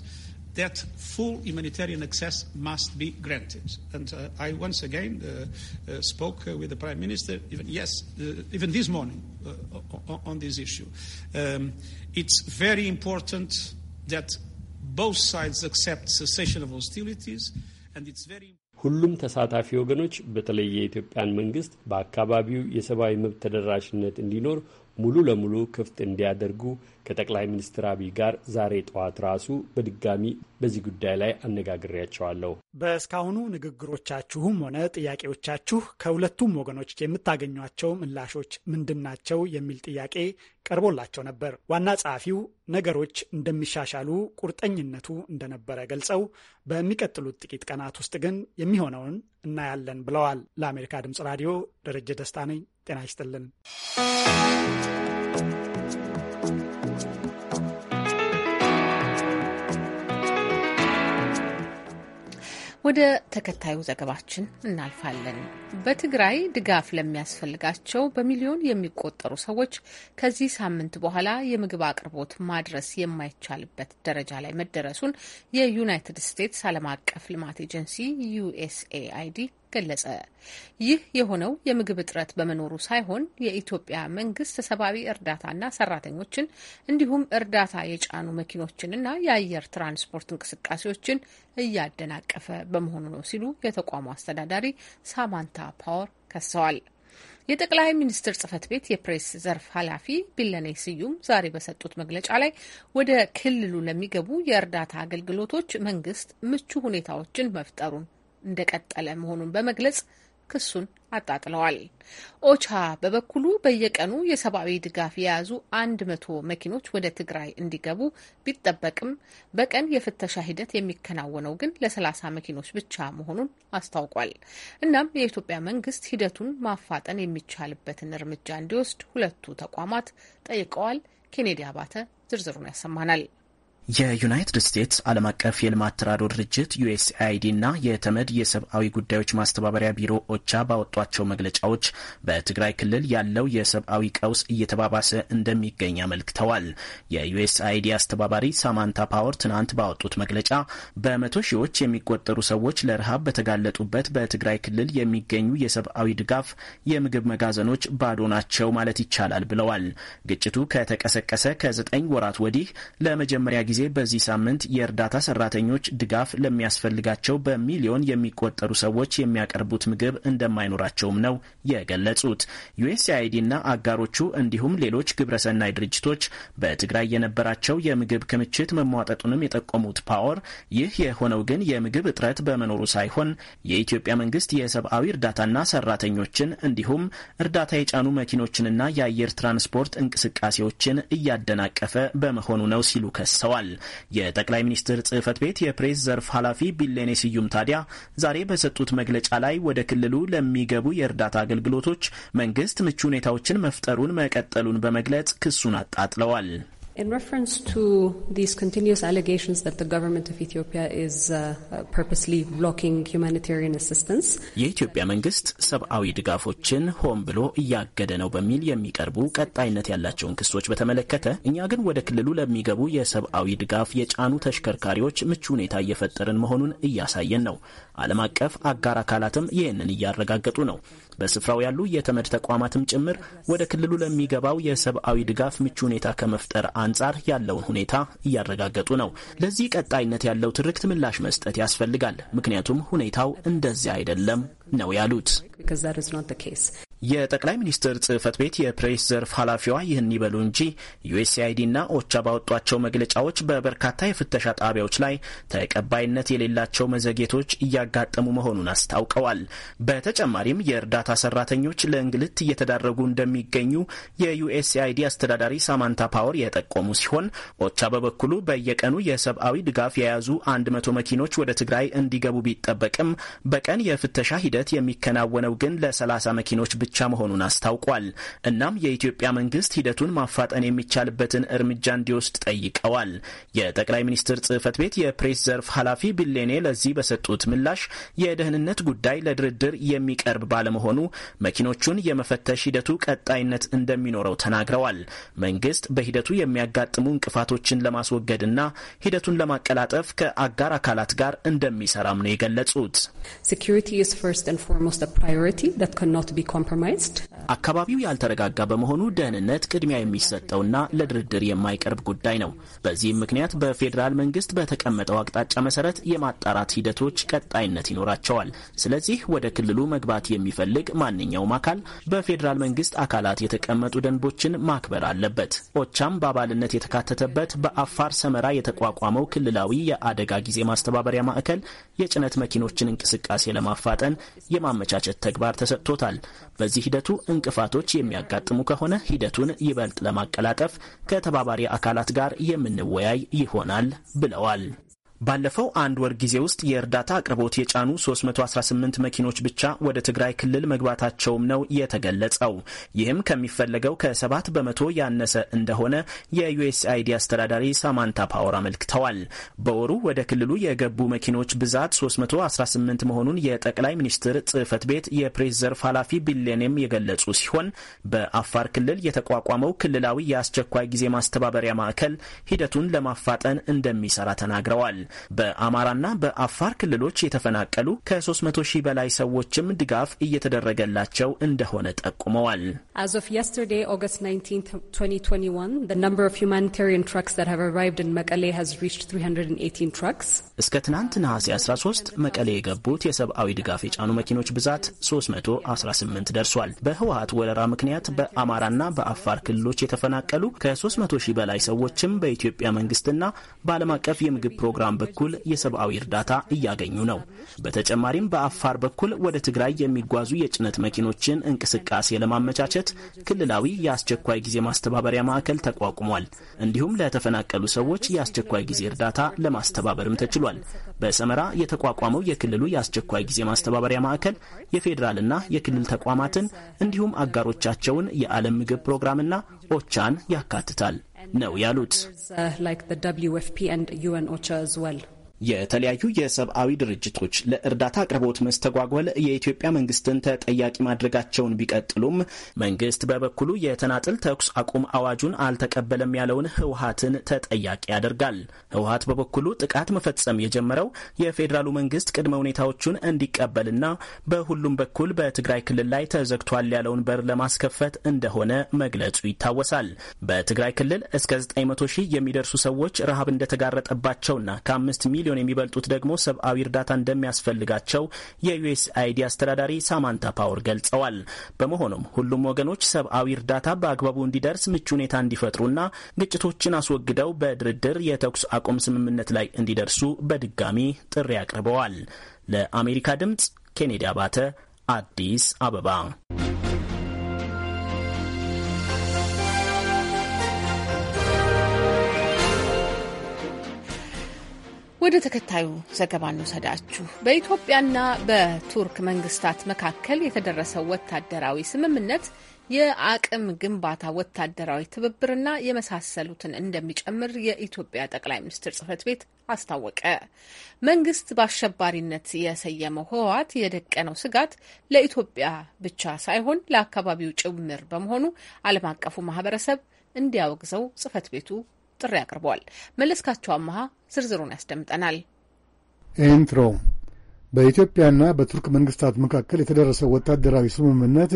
that full humanitarian access must be granted. And uh, I once again uh, uh, spoke uh, with the Prime Minister, even, yes, uh, even this morning, uh, on this issue. Um, it's very important that both sides accept cessation of hostilities, and it's very ሁሉም ተሳታፊ ወገኖች በተለይ የኢትዮጵያን መንግስት በአካባቢው የሰብአዊ መብት ተደራሽነት እንዲኖር ሙሉ ለሙሉ ክፍት እንዲያደርጉ ከጠቅላይ ሚኒስትር አብይ ጋር ዛሬ ጠዋት ራሱ በድጋሚ በዚህ ጉዳይ ላይ አነጋግሬያቸዋለሁ። በእስካሁኑ ንግግሮቻችሁም ሆነ ጥያቄዎቻችሁ ከሁለቱም ወገኖች የምታገኟቸው ምላሾች ምንድን ናቸው የሚል ጥያቄ ቀርቦላቸው ነበር። ዋና ጸሐፊው ነገሮች እንደሚሻሻሉ ቁርጠኝነቱ እንደነበረ ገልጸው በሚቀጥሉት ጥቂት ቀናት ውስጥ ግን የሚሆነውን እናያለን ብለዋል። ለአሜሪካ ድምጽ ራዲዮ ደረጀ ደስታ ነኝ። ጤና ይስጥልን። ወደ ተከታዩ ዘገባችን እናልፋለን። በትግራይ ድጋፍ ለሚያስፈልጋቸው በሚሊዮን የሚቆጠሩ ሰዎች ከዚህ ሳምንት በኋላ የምግብ አቅርቦት ማድረስ የማይቻልበት ደረጃ ላይ መደረሱን የዩናይትድ ስቴትስ ዓለም አቀፍ ልማት ኤጀንሲ ዩኤስኤአይዲ ገለጸ። ይህ የሆነው የምግብ እጥረት በመኖሩ ሳይሆን የኢትዮጵያ መንግስት ሰብአዊ እርዳታና ሰራተኞችን እንዲሁም እርዳታ የጫኑ መኪኖችንና የአየር ትራንስፖርት እንቅስቃሴዎችን እያደናቀፈ በመሆኑ ነው ሲሉ የተቋሙ አስተዳዳሪ ሳማንታ ፓወር ከሰዋል። የጠቅላይ ሚኒስትር ጽህፈት ቤት የፕሬስ ዘርፍ ኃላፊ ቢለኔ ስዩም ዛሬ በሰጡት መግለጫ ላይ ወደ ክልሉ ለሚገቡ የእርዳታ አገልግሎቶች መንግስት ምቹ ሁኔታዎችን መፍጠሩን እንደቀጠለ መሆኑን በመግለጽ ክሱን አጣጥለዋል። ኦቻ በበኩሉ በየቀኑ የሰብአዊ ድጋፍ የያዙ አንድ መቶ መኪኖች ወደ ትግራይ እንዲገቡ ቢጠበቅም በቀን የፍተሻ ሂደት የሚከናወነው ግን ለሰላሳ መኪኖች ብቻ መሆኑን አስታውቋል። እናም የኢትዮጵያ መንግስት ሂደቱን ማፋጠን የሚቻልበትን እርምጃ እንዲወስድ ሁለቱ ተቋማት ጠይቀዋል። ኬኔዲ አባተ ዝርዝሩን ያሰማናል። የዩናይትድ ስቴትስ ዓለም አቀፍ የልማት ተራድኦ ድርጅት ዩኤስአይዲ እና የተመድ የሰብአዊ ጉዳዮች ማስተባበሪያ ቢሮ ኦቻ ባወጧቸው መግለጫዎች በትግራይ ክልል ያለው የሰብአዊ ቀውስ እየተባባሰ እንደሚገኝ አመልክተዋል። የዩኤስአይዲ አስተባባሪ ሳማንታ ፓወር ትናንት ባወጡት መግለጫ በመቶ ሺዎች የሚቆጠሩ ሰዎች ለረሃብ በተጋለጡበት በትግራይ ክልል የሚገኙ የሰብአዊ ድጋፍ የምግብ መጋዘኖች ባዶ ናቸው ማለት ይቻላል ብለዋል። ግጭቱ ከተቀሰቀሰ ከዘጠኝ ወራት ወዲህ ለመጀመሪያ ጊዜ ጊዜ በዚህ ሳምንት የእርዳታ ሰራተኞች ድጋፍ ለሚያስፈልጋቸው በሚሊዮን የሚቆጠሩ ሰዎች የሚያቀርቡት ምግብ እንደማይኖራቸውም ነው የገለጹት። ዩኤስአይዲና አጋሮቹ እንዲሁም ሌሎች ግብረሰናይ ድርጅቶች በትግራይ የነበራቸው የምግብ ክምችት መሟጠጡንም የጠቆሙት ፓወር ይህ የሆነው ግን የምግብ እጥረት በመኖሩ ሳይሆን የኢትዮጵያ መንግስት የሰብአዊ እርዳታና ሰራተኞችን እንዲሁም እርዳታ የጫኑ መኪኖችንና የአየር ትራንስፖርት እንቅስቃሴዎችን እያደናቀፈ በመሆኑ ነው ሲሉ ከሰዋል። ገልጸዋል። የጠቅላይ ሚኒስትር ጽህፈት ቤት የፕሬስ ዘርፍ ኃላፊ ቢሌኔ ስዩም ታዲያ ዛሬ በሰጡት መግለጫ ላይ ወደ ክልሉ ለሚገቡ የእርዳታ አገልግሎቶች መንግስት ምቹ ሁኔታዎችን መፍጠሩን መቀጠሉን በመግለጽ ክሱን አጣጥለዋል። In reference to these continuous allegations that the government of Ethiopia is uh, purposely blocking humanitarian assistance, የኢትዮጵያ መንግስት ሰብአዊ ድጋፎችን ሆን ብሎ እያገደ ነው በሚል የሚቀርቡ ቀጣይነት ያላቸውን ክሶች በተመለከተ እኛ ግን ወደ ክልሉ ለሚገቡ የሰብአዊ ድጋፍ የጫኑ ተሽከርካሪዎች ምቹ ሁኔታ እየፈጠርን መሆኑን እያሳየን ነው። ዓለም አቀፍ አጋር አካላትም ይህንን እያረጋገጡ ነው። በስፍራው ያሉ የተመድ ተቋማትም ጭምር ወደ ክልሉ ለሚገባው የሰብአዊ ድጋፍ ምቹ ሁኔታ ከመፍጠር አንጻር ያለውን ሁኔታ እያረጋገጡ ነው። ለዚህ ቀጣይነት ያለው ትርክት ምላሽ መስጠት ያስፈልጋል። ምክንያቱም ሁኔታው እንደዚያ አይደለም ነው ያሉት። የጠቅላይ ሚኒስትር ጽህፈት ቤት የፕሬስ ዘርፍ ኃላፊዋ ይህን ይበሉ እንጂ ዩኤስኤአይዲና ኦቻ ባወጧቸው መግለጫዎች በበርካታ የፍተሻ ጣቢያዎች ላይ ተቀባይነት የሌላቸው መዘግየቶች እያጋጠሙ መሆኑን አስታውቀዋል። በተጨማሪም የእርዳታ ሰራተኞች ለእንግልት እየተዳረጉ እንደሚገኙ የዩኤስኤአይዲ አስተዳዳሪ ሳማንታ ፓወር የጠቆሙ ሲሆን ኦቻ በበኩሉ በየቀኑ የሰብአዊ ድጋፍ የያዙ አንድ መቶ መኪኖች ወደ ትግራይ እንዲገቡ ቢጠበቅም በቀን የፍተሻ ሂደት የሚከናወነው ግን ለሰላሳ መኪኖች ብቻ መሆኑን አስታውቋል። እናም የኢትዮጵያ መንግስት ሂደቱን ማፋጠን የሚቻልበትን እርምጃ እንዲወስድ ጠይቀዋል። የጠቅላይ ሚኒስትር ጽህፈት ቤት የፕሬስ ዘርፍ ኃላፊ ቢሌኔ ለዚህ በሰጡት ምላሽ የደህንነት ጉዳይ ለድርድር የሚቀርብ ባለመሆኑ መኪኖቹን የመፈተሽ ሂደቱ ቀጣይነት እንደሚኖረው ተናግረዋል። መንግስት በሂደቱ የሚያጋጥሙ እንቅፋቶችን ለማስወገድና ሂደቱን ለማቀላጠፍ ከአጋር አካላት ጋር እንደሚሰራም ነው የገለጹት። compromised አካባቢው ያልተረጋጋ በመሆኑ ደህንነት ቅድሚያ የሚሰጠውና ለድርድር የማይቀርብ ጉዳይ ነው። በዚህም ምክንያት በፌዴራል መንግስት በተቀመጠው አቅጣጫ መሰረት የማጣራት ሂደቶች ቀጣይነት ይኖራቸዋል። ስለዚህ ወደ ክልሉ መግባት የሚፈልግ ማንኛውም አካል በፌዴራል መንግስት አካላት የተቀመጡ ደንቦችን ማክበር አለበት። ኦቻም በአባልነት የተካተተበት በአፋር ሰመራ የተቋቋመው ክልላዊ የአደጋ ጊዜ ማስተባበሪያ ማዕከል የጭነት መኪኖችን እንቅስቃሴ ለማፋጠን የማመቻቸት ተግባር ተሰጥቶታል። በዚህ ሂደቱ እንቅፋቶች የሚያጋጥሙ ከሆነ ሂደቱን ይበልጥ ለማቀላጠፍ ከተባባሪ አካላት ጋር የምንወያይ ይሆናል ብለዋል። ባለፈው አንድ ወር ጊዜ ውስጥ የእርዳታ አቅርቦት የጫኑ 318 መኪኖች ብቻ ወደ ትግራይ ክልል መግባታቸውም ነው የተገለጸው። ይህም ከሚፈለገው ከ7 በመቶ ያነሰ እንደሆነ የዩኤስአይዲ አስተዳዳሪ ሳማንታ ፓወር አመልክተዋል። በወሩ ወደ ክልሉ የገቡ መኪኖች ብዛት 318 መሆኑን የጠቅላይ ሚኒስትር ጽህፈት ቤት የፕሬስ ዘርፍ ኃላፊ ቢሌኔም የገለጹ ሲሆን በአፋር ክልል የተቋቋመው ክልላዊ የአስቸኳይ ጊዜ ማስተባበሪያ ማዕከል ሂደቱን ለማፋጠን እንደሚሰራ ተናግረዋል። በአማራና በአፋር ክልሎች የተፈናቀሉ ከ300 ሺህ በላይ ሰዎችም ድጋፍ እየተደረገላቸው እንደሆነ ጠቁመዋል። As of yesterday, August 19, 2021, the number of humanitarian trucks that have arrived in Mekelle has reached 318 trucks. እስከ ትናንት ነሐሴ 13 መቀሌ የገቡት የሰብአዊ ድጋፍ የጫኑ መኪኖች ብዛት 318 ደርሷል። በህወሀት ወረራ ምክንያት በአማራና በአፋር ክልሎች የተፈናቀሉ ከ300 ሺህ በላይ ሰዎችም በኢትዮጵያ መንግስትና በዓለም አቀፍ የምግብ ፕሮግራም በኩል የሰብአዊ እርዳታ እያገኙ ነው። በተጨማሪም በአፋር በኩል ወደ ትግራይ የሚጓዙ የጭነት መኪኖችን እንቅስቃሴ ለማመቻቸት ክልላዊ የአስቸኳይ ጊዜ ማስተባበሪያ ማዕከል ተቋቁሟል። እንዲሁም ለተፈናቀሉ ሰዎች የአስቸኳይ ጊዜ እርዳታ ለማስተባበርም ተችሏል። በሰመራ የተቋቋመው የክልሉ የአስቸኳይ ጊዜ ማስተባበሪያ ማዕከል የፌዴራልና የክልል ተቋማትን እንዲሁም አጋሮቻቸውን የዓለም ምግብ ፕሮግራምና ኦቻን ያካትታል። ነው ያሉት። የተለያዩ የሰብአዊ ድርጅቶች ለእርዳታ አቅርቦት መስተጓጎል የኢትዮጵያ መንግስትን ተጠያቂ ማድረጋቸውን ቢቀጥሉም መንግስት በበኩሉ የተናጥል ተኩስ አቁም አዋጁን አልተቀበለም ያለውን ህወሀትን ተጠያቂ ያደርጋል። ህወሀት በበኩሉ ጥቃት መፈጸም የጀመረው የፌዴራሉ መንግስት ቅድመ ሁኔታዎቹን እንዲቀበልና በሁሉም በኩል በትግራይ ክልል ላይ ተዘግቷል ያለውን በር ለማስከፈት እንደሆነ መግለጹ ይታወሳል። በትግራይ ክልል እስከ 900 ሺህ የሚደርሱ ሰዎች ረሃብ እንደተጋረጠባቸውና ከአምስት ሚሊዮን ሚሊዮን የሚበልጡት ደግሞ ሰብአዊ እርዳታ እንደሚያስፈልጋቸው የዩኤስአይዲ አስተዳዳሪ ሳማንታ ፓወር ገልጸዋል። በመሆኑም ሁሉም ወገኖች ሰብአዊ እርዳታ በአግባቡ እንዲደርስ ምቹ ሁኔታ እንዲፈጥሩና ግጭቶችን አስወግደው በድርድር የተኩስ አቁም ስምምነት ላይ እንዲደርሱ በድጋሚ ጥሪ አቅርበዋል። ለአሜሪካ ድምጽ ኬኔዲ አባተ አዲስ አበባ ወደ ተከታዩ ዘገባ እንውሰዳችሁ። በኢትዮጵያና በቱርክ መንግስታት መካከል የተደረሰው ወታደራዊ ስምምነት የአቅም ግንባታ፣ ወታደራዊ ትብብርና የመሳሰሉትን እንደሚጨምር የኢትዮጵያ ጠቅላይ ሚኒስትር ጽህፈት ቤት አስታወቀ። መንግስት በአሸባሪነት የሰየመው ህወሓት የደቀነው ስጋት ለኢትዮጵያ ብቻ ሳይሆን ለአካባቢው ጭምር በመሆኑ ዓለም አቀፉ ማህበረሰብ እንዲያወግዘው ጽህፈት ቤቱ ጥሪ አቅርቧል። መለስካቸው አመሃ ዝርዝሩን ያስደምጠናል። ኤንትሮ በኢትዮጵያና በቱርክ መንግስታት መካከል የተደረሰው ወታደራዊ ስምምነት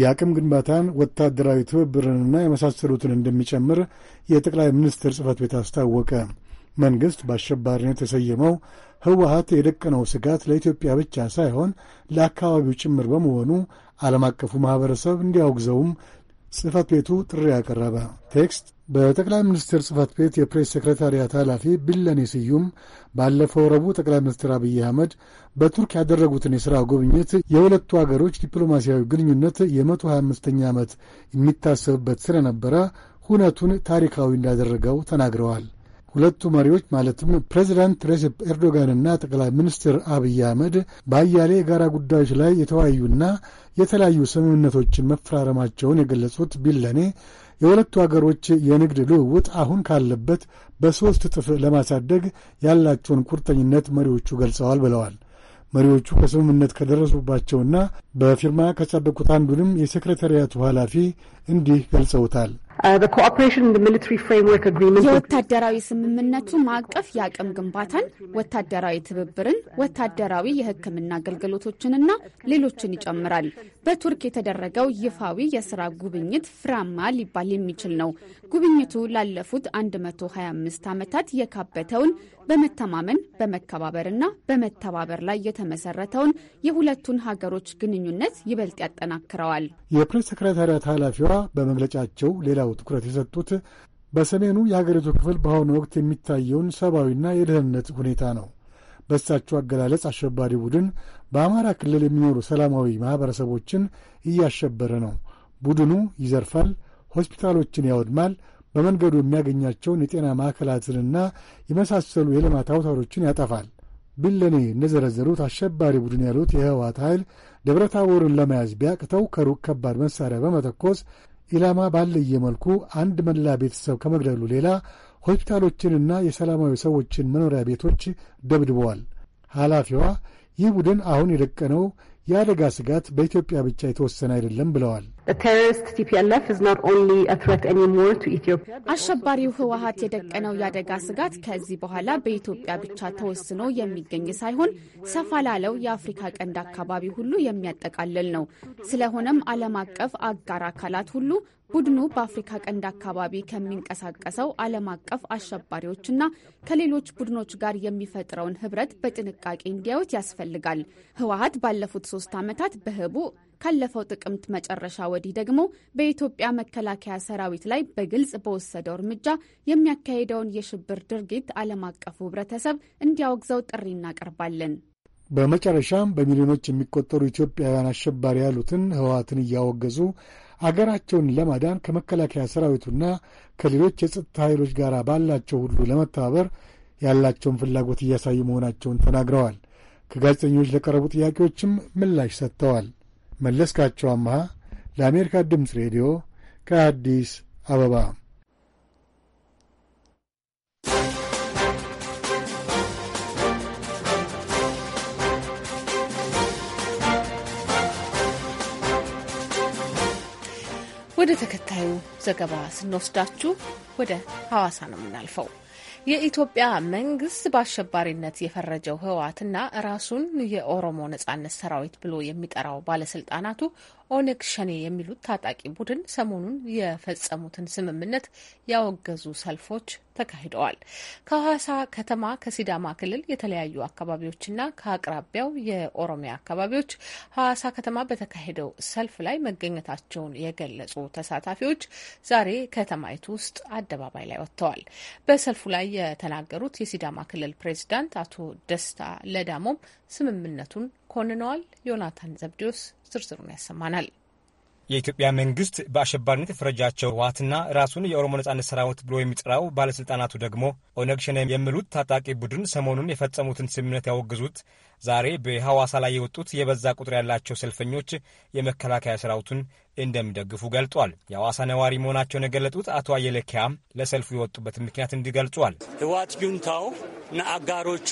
የአቅም ግንባታን ወታደራዊ ትብብርንና የመሳሰሉትን እንደሚጨምር የጠቅላይ ሚኒስትር ጽህፈት ቤት አስታወቀ። መንግሥት በአሸባሪነት የሰየመው ህወሀት የደቀነው ስጋት ለኢትዮጵያ ብቻ ሳይሆን ለአካባቢው ጭምር በመሆኑ ዓለም አቀፉ ማኅበረሰብ እንዲያወግዘውም ጽህፈት ቤቱ ጥሪ ያቀረበ ቴክስት በጠቅላይ ሚኒስትር ጽህፈት ቤት የፕሬስ ሴክሬታሪያት ኃላፊ ቢለኔ ስዩም ባለፈው ረቡዕ ጠቅላይ ሚኒስትር አብይ አህመድ በቱርክ ያደረጉትን የሥራ ጉብኝት የሁለቱ አገሮች ዲፕሎማሲያዊ ግንኙነት የመቶ 25 አምስተኛ ዓመት የሚታሰብበት ስለነበረ ሁነቱን ታሪካዊ እንዳደረገው ተናግረዋል። ሁለቱ መሪዎች ማለትም ፕሬዚዳንት ሬሴፕ ኤርዶጋንና ጠቅላይ ሚኒስትር አብይ አህመድ በአያሌ የጋራ ጉዳዮች ላይ የተወያዩና የተለያዩ ስምምነቶችን መፈራረማቸውን የገለጹት ቢለኔ የሁለቱ አገሮች የንግድ ልውውጥ አሁን ካለበት በሦስት እጥፍ ለማሳደግ ያላቸውን ቁርጠኝነት መሪዎቹ ገልጸዋል ብለዋል። መሪዎቹ ከስምምነት ከደረሱባቸውና በፊርማ ከጸደቁት አንዱንም የሴክሬታሪያቱ ኃላፊ እንዲህ ገልጸውታል። Uh, የወታደራዊ ስምምነቱ ማዕቀፍ የአቅም ግንባታን፣ ወታደራዊ ትብብርን፣ ወታደራዊ የሕክምና አገልግሎቶችንና ሌሎችን ይጨምራል። በቱርክ የተደረገው ይፋዊ የስራ ጉብኝት ፍራማ ሊባል የሚችል ነው። ጉብኝቱ ላለፉት 125 ዓመታት የካበተውን በመተማመን በመከባበርና በመተባበር ላይ የተመሰረተውን የሁለቱን ሀገሮች ግንኙነት ይበልጥ ያጠናክረዋል። የፕሬስ ሰክረታሪያት ኃላፊዋ በመግለጫቸው ሌላ ሌላው ትኩረት የሰጡት በሰሜኑ የአገሪቱ ክፍል በአሁኑ ወቅት የሚታየውን ሰብአዊና የደህንነት ሁኔታ ነው። በእሳቸው አገላለጽ አሸባሪ ቡድን በአማራ ክልል የሚኖሩ ሰላማዊ ማኅበረሰቦችን እያሸበረ ነው። ቡድኑ ይዘርፋል፣ ሆስፒታሎችን ያወድማል፣ በመንገዱ የሚያገኛቸውን የጤና ማዕከላትንና የመሳሰሉ የልማት አውታሮችን ያጠፋል። ቢለኔ እንደዘረዘሩት አሸባሪ ቡድን ያሉት የህወሓት ኃይል ደብረ ታቦርን ለመያዝ ቢያቅተው ከሩቅ ከባድ መሣሪያ በመተኮስ ኢላማ ባለየ መልኩ አንድ መላ ቤተሰብ ከመግደሉ ሌላ ሆስፒታሎችንና የሰላማዊ ሰዎችን መኖሪያ ቤቶች ደብድበዋል። ኃላፊዋ ይህ ቡድን አሁን የደቀነው የአደጋ ስጋት በኢትዮጵያ ብቻ የተወሰነ አይደለም ብለዋል። አሸባሪው ህወሀት የደቀነው የአደጋ ስጋት ከዚህ በኋላ በኢትዮጵያ ብቻ ተወስኖ የሚገኝ ሳይሆን ሰፋ ላለው የአፍሪካ ቀንድ አካባቢ ሁሉ የሚያጠቃልል ነው። ስለሆነም ዓለም አቀፍ አጋር አካላት ሁሉ ቡድኑ በአፍሪካ ቀንድ አካባቢ ከሚንቀሳቀሰው ዓለም አቀፍ አሸባሪዎችና ከሌሎች ቡድኖች ጋር የሚፈጥረውን ህብረት በጥንቃቄ እንዲያዩት ያስፈልጋል። ህወሀት ባለፉት ሶስት ዓመታት በህቡ ካለፈው ጥቅምት መጨረሻ ወዲህ ደግሞ በኢትዮጵያ መከላከያ ሰራዊት ላይ በግልጽ በወሰደው እርምጃ የሚያካሄደውን የሽብር ድርጊት ዓለም አቀፉ ህብረተሰብ እንዲያወግዘው ጥሪ እናቀርባለን። በመጨረሻም በሚሊዮኖች የሚቆጠሩ ኢትዮጵያውያን አሸባሪ ያሉትን ህወሀትን እያወገዙ አገራቸውን ለማዳን ከመከላከያ ሰራዊቱና ከሌሎች የጸጥታ ኃይሎች ጋር ባላቸው ሁሉ ለመተባበር ያላቸውን ፍላጎት እያሳዩ መሆናቸውን ተናግረዋል። ከጋዜጠኞች ለቀረቡ ጥያቄዎችም ምላሽ ሰጥተዋል። መለስካቸው አመሃ ለአሜሪካ ድምፅ ሬዲዮ ከአዲስ አበባ ወደ ተከታዩ ዘገባ ስንወስዳችሁ ወደ ሐዋሳ ነው የምናልፈው። የኢትዮጵያ መንግስት በአሸባሪነት የፈረጀው ህወሓትና ራሱን የኦሮሞ ነጻነት ሰራዊት ብሎ የሚጠራው ባለስልጣናቱ ኦነግ ሸኔ የሚሉት ታጣቂ ቡድን ሰሞኑን የፈጸሙትን ስምምነት ያወገዙ ሰልፎች ተካሂደዋል። ከሐዋሳ ከተማ፣ ከሲዳማ ክልል የተለያዩ አካባቢዎችና ከአቅራቢያው የኦሮሚያ አካባቢዎች ሐዋሳ ከተማ በተካሄደው ሰልፍ ላይ መገኘታቸውን የገለጹ ተሳታፊዎች ዛሬ ከተማይቱ ውስጥ አደባባይ ላይ ወጥተዋል። በሰልፉ ላይ የተናገሩት የሲዳማ ክልል ፕሬዚዳንት አቶ ደስታ ለዳሞም ስምምነቱን ኮንነዋል። ዮናታን ዘብዲዮስ ዝርዝሩን ያሰማናል። የኢትዮጵያ መንግስት በአሸባሪነት የፈረጃቸው ህወሓትና ራሱን የኦሮሞ ነጻነት ሰራዊት ብሎ የሚጠራው ባለሥልጣናቱ ደግሞ ኦነግ ሸኔ የሚሉት ታጣቂ ቡድን ሰሞኑን የፈጸሙትን ስምምነት ያወግዙት ዛሬ በሐዋሳ ላይ የወጡት የበዛ ቁጥር ያላቸው ሰልፈኞች የመከላከያ ሰራዊቱን እንደሚደግፉ ገልጧል። የሐዋሳ ነዋሪ መሆናቸውን የገለጡት አቶ አየለኪያ ለሰልፉ የወጡበት ምክንያት እንዲገልጿል። ህወሓት ጁንታው እና አጋሮቹ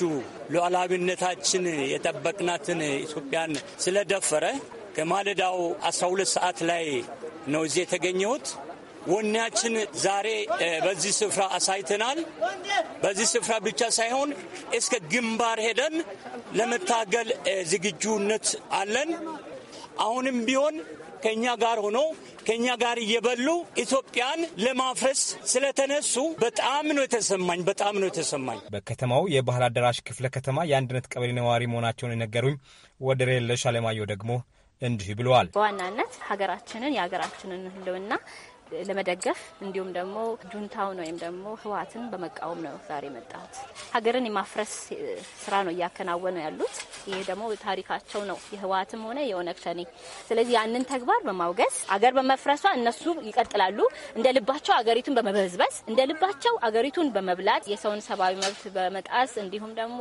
ሉዓላዊነታችን የጠበቅናትን ኢትዮጵያን ስለደፈረ ከማለዳው 12 ሰዓት ላይ ነው እዚህ የተገኘሁት። ወኔያችን ዛሬ በዚህ ስፍራ አሳይተናል። በዚህ ስፍራ ብቻ ሳይሆን እስከ ግንባር ሄደን ለመታገል ዝግጁነት አለን። አሁንም ቢሆን ከእኛ ጋር ሆኖ ከእኛ ጋር እየበሉ ኢትዮጵያን ለማፍረስ ስለተነሱ በጣም ነው የተሰማኝ፣ በጣም ነው የተሰማኝ። በከተማው የባህል አዳራሽ ክፍለ ከተማ የአንድነት ቀበሌ ነዋሪ መሆናቸውን የነገሩኝ ወደር የለሽ አለማየሁ ደግሞ እንዲህ ብለዋል። በዋናነት ሀገራችንን የሀገራችንን ህልውና ለመደገፍ እንዲሁም ደግሞ ጁንታውን ወይም ደግሞ ህወሓትን በመቃወም ነው ዛሬ የመጣሁት። ሀገርን የማፍረስ ስራ ነው እያከናወኑ ያሉት። ይህ ደግሞ ታሪካቸው ነው የህወሓትም ሆነ የኦነግ ሸኔ። ስለዚህ ያንን ተግባር በማውገዝ አገር በመፍረሷ እነሱ ይቀጥላሉ እንደ ልባቸው አገሪቱን በመበዝበዝ እንደ ልባቸው አገሪቱን በመብላት የሰውን ሰብአዊ መብት በመጣስ እንዲሁም ደግሞ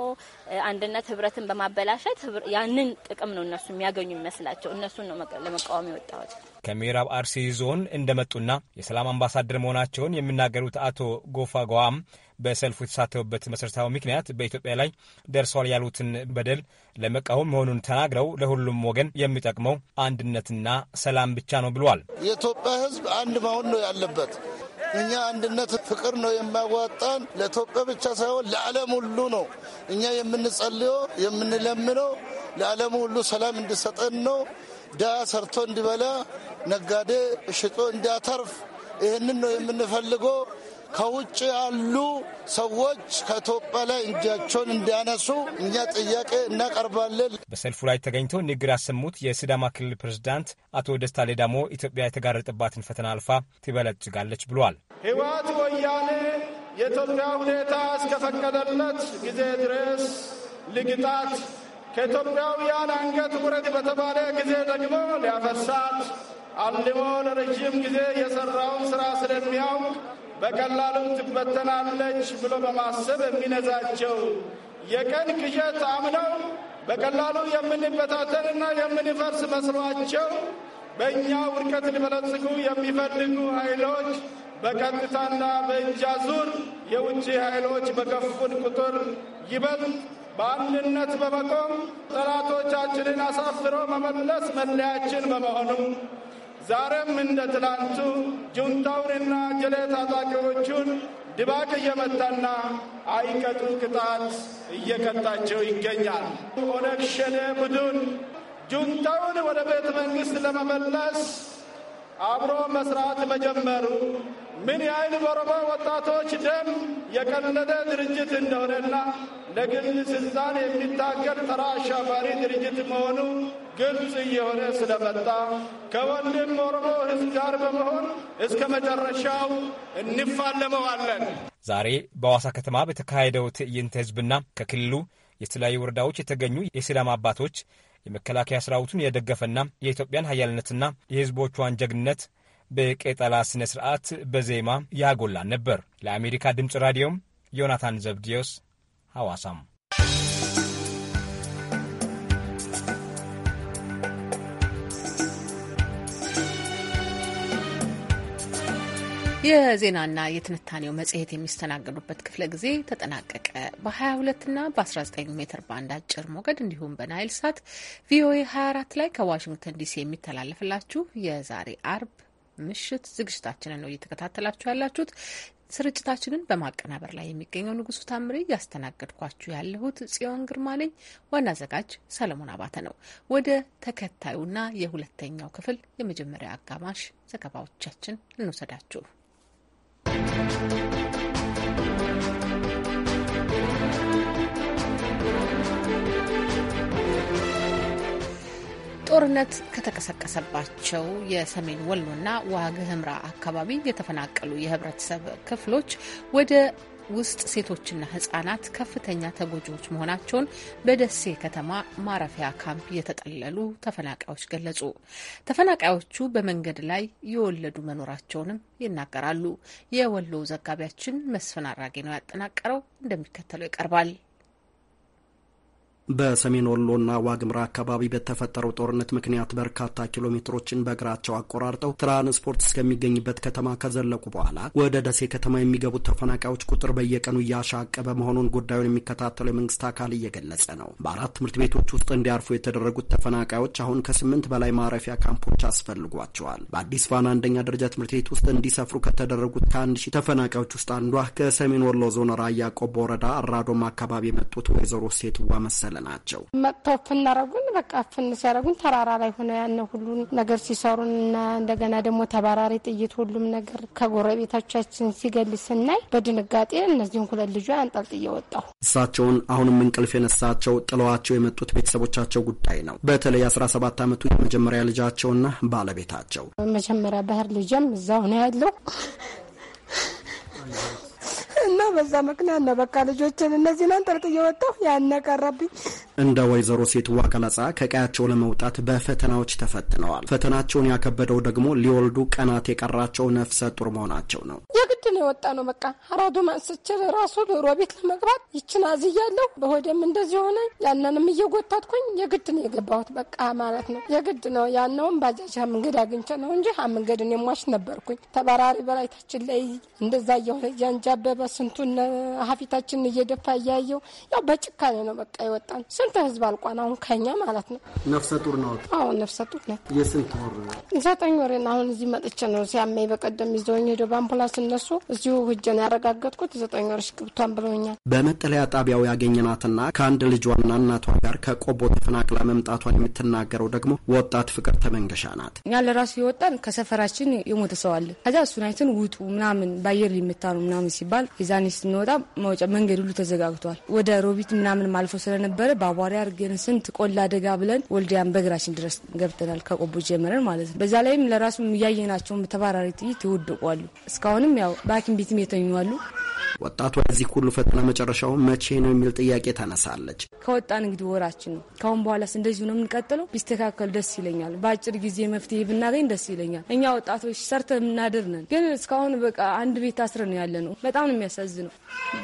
አንድነት ህብረትን በማበላሸት ያንን ጥቅም ነው እነሱ የሚያገኙ ይመስላቸው እነሱን ነው ለመቃወም የወጣሁት። ከምዕራብ አርሲ ዞን እንደመጡና የሰላም አምባሳደር መሆናቸውን የሚናገሩት አቶ ጎፋ ጓዋም በሰልፉ የተሳተፉበት መሠረታዊ ምክንያት በኢትዮጵያ ላይ ደርሷል ያሉትን በደል ለመቃወም መሆኑን ተናግረው ለሁሉም ወገን የሚጠቅመው አንድነትና ሰላም ብቻ ነው ብለዋል። የኢትዮጵያ ሕዝብ አንድ መሆን ነው ያለበት። እኛ አንድነት ፍቅር ነው የሚያዋጣን። ለኢትዮጵያ ብቻ ሳይሆን ለዓለም ሁሉ ነው። እኛ የምንጸልዮ የምንለምነው ለዓለም ሁሉ ሰላም እንዲሰጠን ነው። ድሀ ሰርቶ እንዲበላ ነጋዴ ሽጦ እንዲያተርፍ ይህንን ነው የምንፈልገው። ከውጭ ያሉ ሰዎች ከኢትዮጵያ ላይ እጃቸውን እንዲያነሱ እኛ ጥያቄ እናቀርባለን። በሰልፉ ላይ ተገኝተው ንግግር ያሰሙት የስዳማ ክልል ፕሬዝዳንት አቶ ደስታ ሌዳሞ ኢትዮጵያ የተጋረጠባትን ፈተና አልፋ ትበለጽጋለች ብሏል። ህወሓት ወያኔ የኢትዮጵያ ሁኔታ እስከፈቀደለት ጊዜ ድረስ ልግጣት፣ ከኢትዮጵያውያን አንገት ውረድ በተባለ ጊዜ ደግሞ ሊያፈሳት አልሞ ለረዥም ጊዜ የሰራውን ስራ ስለሚያውቅ በቀላሉ ትበተናለች ብሎ በማሰብ የሚነዛቸው የቀን ቅዠት አምነው በቀላሉ የምንበታተንና የምንፈርስ መስሏቸው በእኛ ውድቀት ሊበለጽጉ የሚፈልጉ ኃይሎች በቀጥታና በእጅ ዙር የውጭ ኃይሎች በገፉን ቁጥር ይበልጥ በአንድነት በመቆም ጠላቶቻችንን አሳፍሮ መመለስ መለያችን በመሆኑም ዛሬም እንደ ትላንቱ ጁንታውንና ጀሌ ታጣቂዎቹን ድባቅ እየመታና አይቀጡ ቅጣት እየቀጣቸው ይገኛል። ኦነግ ሸኔ ቡድን ጁንታውን ወደ ቤተ መንግሥት ለመመለስ አብሮ መስራት መጀመሩ ምን ያህል በኦሮሞ ወጣቶች ደም የቀለደ ድርጅት እንደሆነና ለግል ስልጣን የሚታገል ተራ አሻፋሪ ድርጅት መሆኑ ግልጽ እየሆነ ስለመጣ ከወንድም ኦሮሞ ሕዝብ ጋር በመሆን እስከ መጨረሻው እንፋለመዋለን። ዛሬ በሐዋሳ ከተማ በተካሄደው ትዕይንተ ሕዝብና ከክልሉ የተለያዩ ወረዳዎች የተገኙ የሰላም አባቶች የመከላከያ ሰራዊቱን የደገፈና የኢትዮጵያን ሀያልነትና የሕዝቦቿን ጀግንነት በቄጠላ ሥነ ሥርዓት በዜማ ያጎላን ነበር። ለአሜሪካ ድምፅ ራዲዮም ዮናታን ዘብዲዮስ ሐዋሳም የዜናና የትንታኔው መጽሔት የሚስተናገዱበት ክፍለ ጊዜ ተጠናቀቀ። በ22 እና በ19 ሜትር ባንድ አጭር ሞገድ እንዲሁም በናይል ሳት ቪኦኤ 24 ላይ ከዋሽንግተን ዲሲ የሚተላለፍላችሁ የዛሬ አርብ ምሽት ዝግጅታችንን ነው እየተከታተላችሁ ያላችሁት። ስርጭታችንን በማቀናበር ላይ የሚገኘው ንጉሱ ታምሬ፣ እያስተናገድኳችሁ ያለሁት ጽዮን ግርማ ነኝ። ዋና አዘጋጅ ሰለሞን አባተ ነው። ወደ ተከታዩና የሁለተኛው ክፍል የመጀመሪያ አጋማሽ ዘገባዎቻችን እንውሰዳችሁ። ጦርነት ከተቀሰቀሰባቸው የሰሜን ወሎና ዋግ ህምራ አካባቢ የተፈናቀሉ የህብረተሰብ ክፍሎች ወደ ውስጥ ሴቶችና ህጻናት ከፍተኛ ተጎጂዎች መሆናቸውን በደሴ ከተማ ማረፊያ ካምፕ የተጠለሉ ተፈናቃዮች ገለጹ። ተፈናቃዮቹ በመንገድ ላይ የወለዱ መኖራቸውንም ይናገራሉ። የወሎ ዘጋቢያችን መስፍን አራጌ ነው ያጠናቀረው፣ እንደሚከተለው ይቀርባል። በሰሜን ወሎና ዋግምራ አካባቢ በተፈጠረው ጦርነት ምክንያት በርካታ ኪሎ ሜትሮችን በእግራቸው አቆራርጠው ትራንስፖርት እስከሚገኝበት ከተማ ከዘለቁ በኋላ ወደ ደሴ ከተማ የሚገቡት ተፈናቃዮች ቁጥር በየቀኑ እያሻቀበ መሆኑን ጉዳዩን የሚከታተለው የመንግስት አካል እየገለጸ ነው። በአራት ትምህርት ቤቶች ውስጥ እንዲያርፉ የተደረጉት ተፈናቃዮች አሁን ከስምንት በላይ ማረፊያ ካምፖች አስፈልጓቸዋል። በአዲስ ፋና አንደኛ ደረጃ ትምህርት ቤት ውስጥ እንዲሰፍሩ ከተደረጉት ከአንድ ሺህ ተፈናቃዮች ውስጥ አንዷ ከሰሜን ወሎ ዞን ራያ ቆቦ ወረዳ አራዶማ አካባቢ የመጡት ወይዘሮ ሴትዋ መሰለ ያለ ናቸው። መጥተው እፍን አረጉን። በቃ ፍን ሲያረጉን ተራራ ላይ ሆነ ያን ሁሉን ነገር ሲሰሩን እና እንደገና ደግሞ ተባራሪ ጥይት ሁሉም ነገር ከጎረቤቶቻችን ሲገል ስናይ በድንጋጤ እነዚህን ሁለት ልጇ አንጠልጥዬ ወጣሁ። እሳቸውን አሁንም እንቅልፍ የነሳቸው ጥለዋቸው የመጡት ቤተሰቦቻቸው ጉዳይ ነው። በተለይ አስራ ሰባት አመቱ የመጀመሪያ ልጃቸውና ባለቤታቸው መጀመሪያ ባህር ልጅም እዛው ነው ያለው እና በዛ ምክንያት ነው በቃ ልጆችን እነዚህን አንጠልጥዬ ወጣሁ። ያን ቀረብኝ። እንደ ወይዘሮ ሴትዋ ገለጻ ከቀያቸው ለመውጣት በፈተናዎች ተፈትነዋል። ፈተናቸውን ያከበደው ደግሞ ሊወልዱ ቀናት የቀራቸው ነፍሰ ጡር መሆናቸው ነው። የግድ ነው የወጣ ነው። በቃ አራዱ ማንስችል ራሱ ዶሮ ቤት ለመግባት ይችን አዝያለሁ። በሆደም እንደዚህ ሆነ። ያንንም እየጎታትኩኝ የግድ ነው የገባሁት። በቃ ማለት ነው የግድ ነው። ያነውም ባጃጅ መንገድ አግኝቼ ነው እንጂ መንገድን የሟች ነበርኩኝ። ተባራሪ በላይታችን ላይ እንደዛ እየሆነ እያንጃበበ ስንቱን ሀፊታችን እየደፋ እያየው ያው በጭካኔ ነው በቃ የወጣን ስንት ህዝብ አልቋል። አሁን ከኛ ማለት ነው። ነፍሰ ጡር ነው። አዎ ነፍሰ ጡር ነ የስንት ወር ዘጠኝ ወር አሁን እዚህ መጥቼ ነው ሲያመኝ በቀደም ይዘውኝ ሄደው በአምቡላንስ እነሱ እዚሁ ህጀን ያረጋገጥኩት ዘጠኝ ወርሽ ሽቅብቷን ብለውኛል። በመጠለያ ጣቢያው ያገኘናትና ከአንድ ልጇና እናቷ ጋር ከቆቦ ተፈናቅላ መምጣቷን የምትናገረው ደግሞ ወጣት ፍቅር ተመንገሻ ናት። እኛ ለራሱ የወጣን ከሰፈራችን የሞተ ሰው አለ። ከዚያ እሱን አይትን ውጡ ምናምን በአየር ሊመታ ነው ምናምን ሲባል የዛኔ ስንወጣ መውጫ መንገድ ሁሉ ተዘጋግቷል። ወደ ሮቢት ምናምን ማልፎ ስለነበረ አቧሪ አድርገን ስንት ቆላ አደጋ ብለን ወልዲያን በእግራችን ድረስ ገብተናል። ከቆቦ ጀመረን ማለት ነው። በዛ ላይም ለራሱ እያየናቸውን ተባራሪ ጥይት ይወድቋሉ። እስካሁንም ያው በሐኪም ቤትም የተኙ አሉ። ወጣቷ የዚህ ሁሉ ፈተና መጨረሻው መቼ ነው የሚል ጥያቄ ታነሳለች። ከወጣን እንግዲህ ወራችን ነው። ካሁን በኋላስ እንደዚሁ ነው የምንቀጥለው? ቢስተካከል ደስ ይለኛል። በአጭር ጊዜ መፍትሄ ብናገኝ ደስ ይለኛል። እኛ ወጣቶች ሰርተ የምናድር ነን፣ ግን እስካሁን በቃ አንድ ቤት ነው ያለ ነው። በጣም ነው የሚያሳዝነው።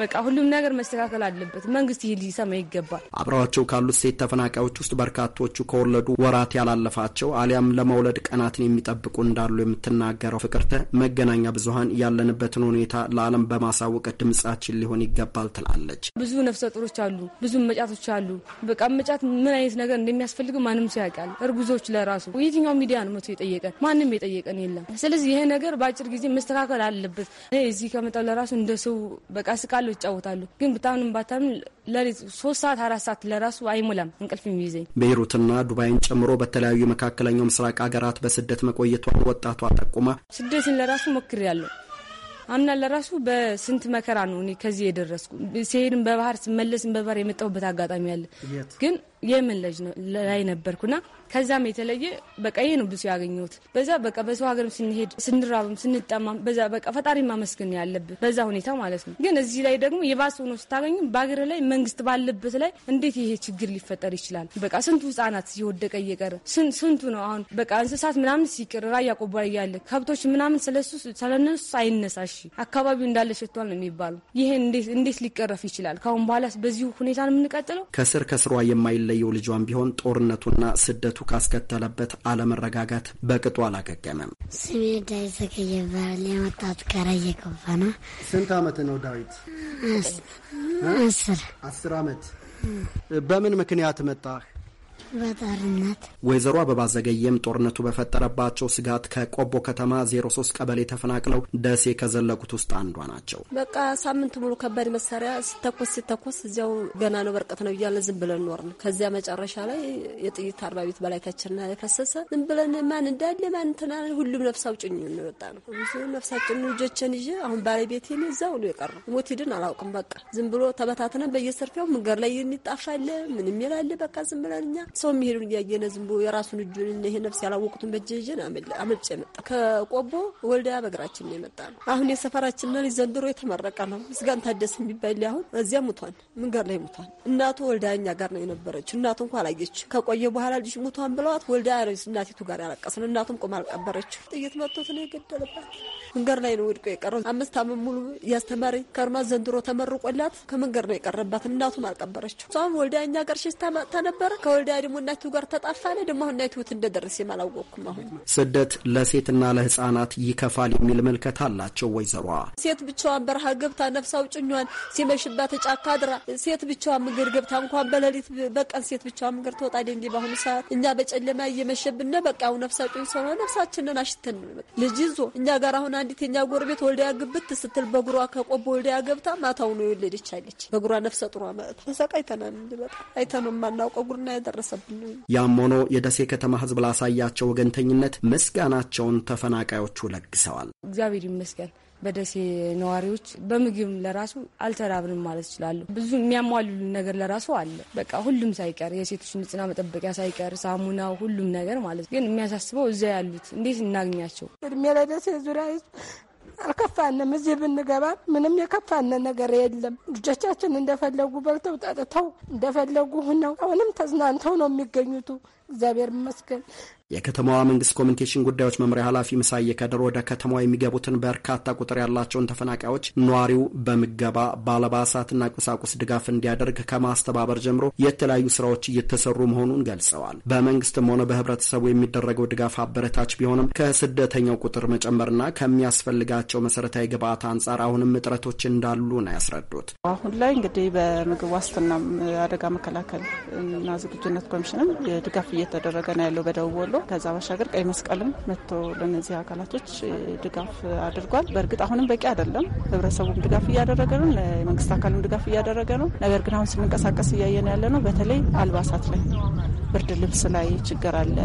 በቃ ሁሉም ነገር መስተካከል አለበት። መንግስት ይህ ሊሰማ ይገባል። አብረዋቸው ካሉት ሴት ተፈናቃዮች ውስጥ በርካቶቹ ከወለዱ ወራት ያላለፋቸው አሊያም ለመውለድ ቀናትን የሚጠብቁ እንዳሉ የምትናገረው ፍቅርተ መገናኛ ብዙሀን ያለንበትን ሁኔታ ለዓለም በማሳወቅ ድምጻችን ሊሆን ይገባል ትላለች። ብዙ ነፍሰ ጡሮች አሉ፣ ብዙ መጫቶች አሉ። በቃ መጫት ምን አይነት ነገር እንደሚያስፈልግ ማንም ሰው ያውቃል። እርጉዞች ለራሱ የትኛው ሚዲያ ነው መቶ የጠየቀን? ማንም የጠየቀን የለም። ስለዚህ ይሄ ነገር በአጭር ጊዜ መስተካከል አለበት። እዚህ ከመጣሁ ለራሱ እንደ ሰው በቃ ስቃለሁ፣ ይጫወታሉ። ግን ብታምንም ባታምን ለሊት ሶስት ሰዓት አራት ሰዓት ለራሱ አይሞላም እንቅልፍ የሚይዘኝ። ቤይሩትና ዱባይን ጨምሮ በተለያዩ መካከለኛው ምስራቅ ሀገራት በስደት መቆየቷን ወጣቷ ጠቁማ ስደትን ለራሱ ሞክሬያለሁ አምና ለራሱ በስንት መከራ ነው እኔ ከዚህ የደረስኩ። ሲሄድም በባህር ስመለስም በባህር የመጣሁበት አጋጣሚ አለ። ግን የምን ልጅ ላይ ነበርኩና ከዛም የተለየ በቃ ይሄ ነው ብዙ ያገኘሁት። በዛ በቃ በሰው ሀገርም ስንሄድ ስንራብም ስንጠማም በዛ በቃ ፈጣሪ ማመስገን ያለብህ በዛ ሁኔታ ማለት ነው። ግን እዚህ ላይ ደግሞ የባሰ ሆኖ ስታገኙ በሀገር ላይ መንግስት ባለበት ላይ እንዴት ይሄ ችግር ሊፈጠር ይችላል? በቃ ስንቱ ህጻናት እየወደቀ እየቀረ ስንቱ ነው አሁን በቃ እንስሳት ምናምን ሲቅር ራያ ቆቦ እያለ ከብቶች ምናምን ስለሱ ስለነሱ አይነሳሽ አካባቢው እንዳለ ሸቷል ነው የሚባሉ ይሄ እንዴት ሊቀረፍ ይችላል? ከአሁን በኋላ በዚሁ ሁኔታ ነው የምንቀጥለው ከስር ከስሯ የማይለ የምትለየው ልጇን ቢሆን ጦርነቱና ስደቱ ካስከተለበት አለመረጋጋት በቅጡ አላገገመም። ስሜ ዳዊት ዘገየ ይባላል። የመጣሁት ከራያ የገባ ነው። ስንት አመት ነው ዳዊት? አስር አስር አመት። በምን ምክንያት መጣህ? በጠርነት ወይዘሮ አበባ ዘገየም ጦርነቱ በፈጠረባቸው ስጋት ከቆቦ ከተማ 03 ቀበሌ ተፈናቅለው ደሴ ከዘለቁት ውስጥ አንዷ ናቸው። በቃ ሳምንት ሙሉ ከባድ መሳሪያ ሲተኮስ ሲተኮስ እዚያው ገና ነው በርቀት ነው እያለ ዝም ብለን ኖርን። ከዚያ መጨረሻ ላይ የጥይት አርባ ቤት በላይታችንና የፈሰሰ ዝም ብለን ማን እንዳለ ማን እንትና ሁሉም ነፍስ አውጭኝ እንወጣ ነው ነፍሳችን ልጆችን ይዤ አሁን ባለቤቴን እዛው ነው የቀረው። ሞት ሂድን አላውቅም። በቃ ዝም ብሎ ተበታትነን በየሰርፊያው መንገድ ላይ የሚጣፋለ ምንም የሚላለ በቃ ዝም ብለን እኛ ሰው የሚሄዱን እያየነ ዝም ብሎ የራሱን እጁን ይሄ ነፍስ ያላወቁትን በእጅ ይዤን አመልጬ መጣ። ከቆቦ ወልዲያ በእግራችን የመጣ ነው። አሁን የሰፈራችን ልጅ ዘንድሮ የተመረቀ ነው። ምስጋን ታደስ የሚባል ሊያሁን እዚያ ሙቷን መንገድ ላይ ሙቷን። እናቱ ወልዲያ እኛ ጋር ነው የነበረች እናቱ እንኳ አላየች። ከቆየ በኋላ ልጅ ሙቷን ብለዋት ወልዲያ እናቲቱ ጋር ያለቀስን። እናቱም ቆማ አልቀበረችው። ጥይት መቶት ነው የገደለባት። መንገድ ላይ ነው ወድቆ የቀረው። አምስት ዓመት ሙሉ ያስተማሪ ከርማ ዘንድሮ ተመርቆላት ከመንገድ ነው የቀረባት። እናቱም አልቀበረችው። እሷም ወልዲያ እኛ ጋር ሽስታ መጥታ ነበረ ከወልዲያ ደግሞ እናቱ ጋር ተጣፋለ ደግሞ አሁን ናይትሁት እንደደረስ የማላወቅኩም። አሁን ስደት ለሴትና ለህጻናት ይከፋል የሚል መልከት አላቸው ወይዘሯ። ሴት ብቻዋን በረሃ ገብታ ነፍሳው ጭኟን ሲመሽባት ጫካ አድራ ሴት ብቻዋን ምግር ገብታ እንኳን በሌሊት በቀን ሴት ብቻዋን ምግር ተወጣ ደንዲ። በአሁኑ ሰዓት እኛ በጨለማ እየመሸብነ በቃ አሁን ነፍሳ አውጭኝ ሰሆ ነፍሳችንን አሽተን ልጅ ይዞ እኛ ጋር አሁን አንዲት የኛ ጎረቤት ወልዳያ ግብት ስትል በጉሯ ከቆቦ ወልዳያ ገብታ ማታው ነው የወለደች አለች። በጉሯ ነፍሰ ጥሯ ማለት ተሰቃይተናል። በጣም አይተነው የማናውቀው ጉርና ያደረሰ አለብን። ያም ሆኖ የደሴ ከተማ ህዝብ ላሳያቸው ወገንተኝነት ምስጋናቸውን ተፈናቃዮቹ ለግሰዋል። እግዚአብሔር ይመስገን። በደሴ ነዋሪዎች በምግብ ለራሱ አልተራብንም ማለት ይችላሉ። ብዙ የሚያሟሉልን ነገር ለራሱ አለ። በቃ ሁሉም ሳይቀር የሴቶች ንጽህና መጠበቂያ ሳይቀር ሳሙና፣ ሁሉም ነገር ማለት ግን የሚያሳስበው እዚያ ያሉት እንዴት እናግኛቸው። እድሜ ለደሴ ዙሪያ አልከፋንም። እዚህ ብንገባ ምንም የከፋነ ነገር የለም። ልጆቻችን እንደፈለጉ በልተው ጠጥተው እንደፈለጉ ሁነው አሁንም ተዝናንተው ነው የሚገኙቱ። እግዚአብሔር ይመስገን። የከተማዋ መንግስት ኮሚኒኬሽን ጉዳዮች መምሪያ ኃላፊ ምሳዬ ከድር ወደ ከተማዋ የሚገቡትን በርካታ ቁጥር ያላቸውን ተፈናቃዮች ነዋሪው በምገባ በአልባሳትና ቁሳቁስ ድጋፍ እንዲያደርግ ከማስተባበር ጀምሮ የተለያዩ ስራዎች እየተሰሩ መሆኑን ገልጸዋል። በመንግስትም ሆነ በህብረተሰቡ የሚደረገው ድጋፍ አበረታች ቢሆንም ከስደተኛው ቁጥር መጨመርና ከሚያስፈልጋቸው መሰረታዊ ግብአት አንጻር አሁንም እጥረቶች እንዳሉ ነው ያስረዱት። አሁን ላይ እንግዲህ በምግብ ዋስትና አደጋ መከላከልና ዝግጁነት ኮሚሽንም ድጋፍ እየተደረገ ነው ያለው በደቡብ ወሎ። ከዛ ባሻገር ቀይ መስቀልም መጥቶ ለነዚህ አካላቶች ድጋፍ አድርጓል። በእርግጥ አሁንም በቂ አይደለም። ህብረተሰቡም ድጋፍ እያደረገ ነው፣ የመንግስት አካልም ድጋፍ እያደረገ ነው። ነገር ግን አሁን ስንንቀሳቀስ ነው ያለ ነው። በተለይ አልባሳት ላይ ብርድ ልብስ ላይ ችግር አለ።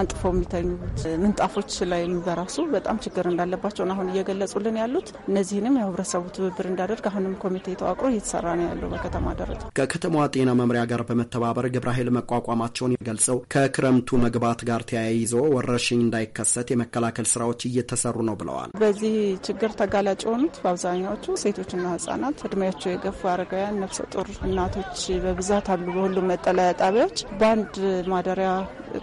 አንጥፎ የሚተኙት ምንጣፎች ላይ በራሱ በጣም ችግር እንዳለባቸውን አሁን እየገለጹልን ያሉት እነዚህንም የህብረተሰቡ ትብብር እንዳደርግ አሁንም ኮሚቴ ተዋቅሮ እየተሰራ ነው ያለው በከተማ ደረጃ ከከተማዋ ጤና መምሪያ ጋር በመተባበር ግብረ ኃይል መቋቋማቸውን ገልጸው ከክረምቱ መግባት ጋር ተያይዞ ወረርሽኝ እንዳይከሰት የመከላከል ስራዎች እየተሰሩ ነው ብለዋል። በዚህ ችግር ተጋላጭ የሆኑት በአብዛኛዎቹ ሴቶችና ህጻናት፣ እድሜያቸው የገፉ አረጋውያን፣ ነፍሰ ጡር እናቶች በብዛት አሉ። በሁሉም መጠለያ ጣቢያዎች በአንድ ማደሪያ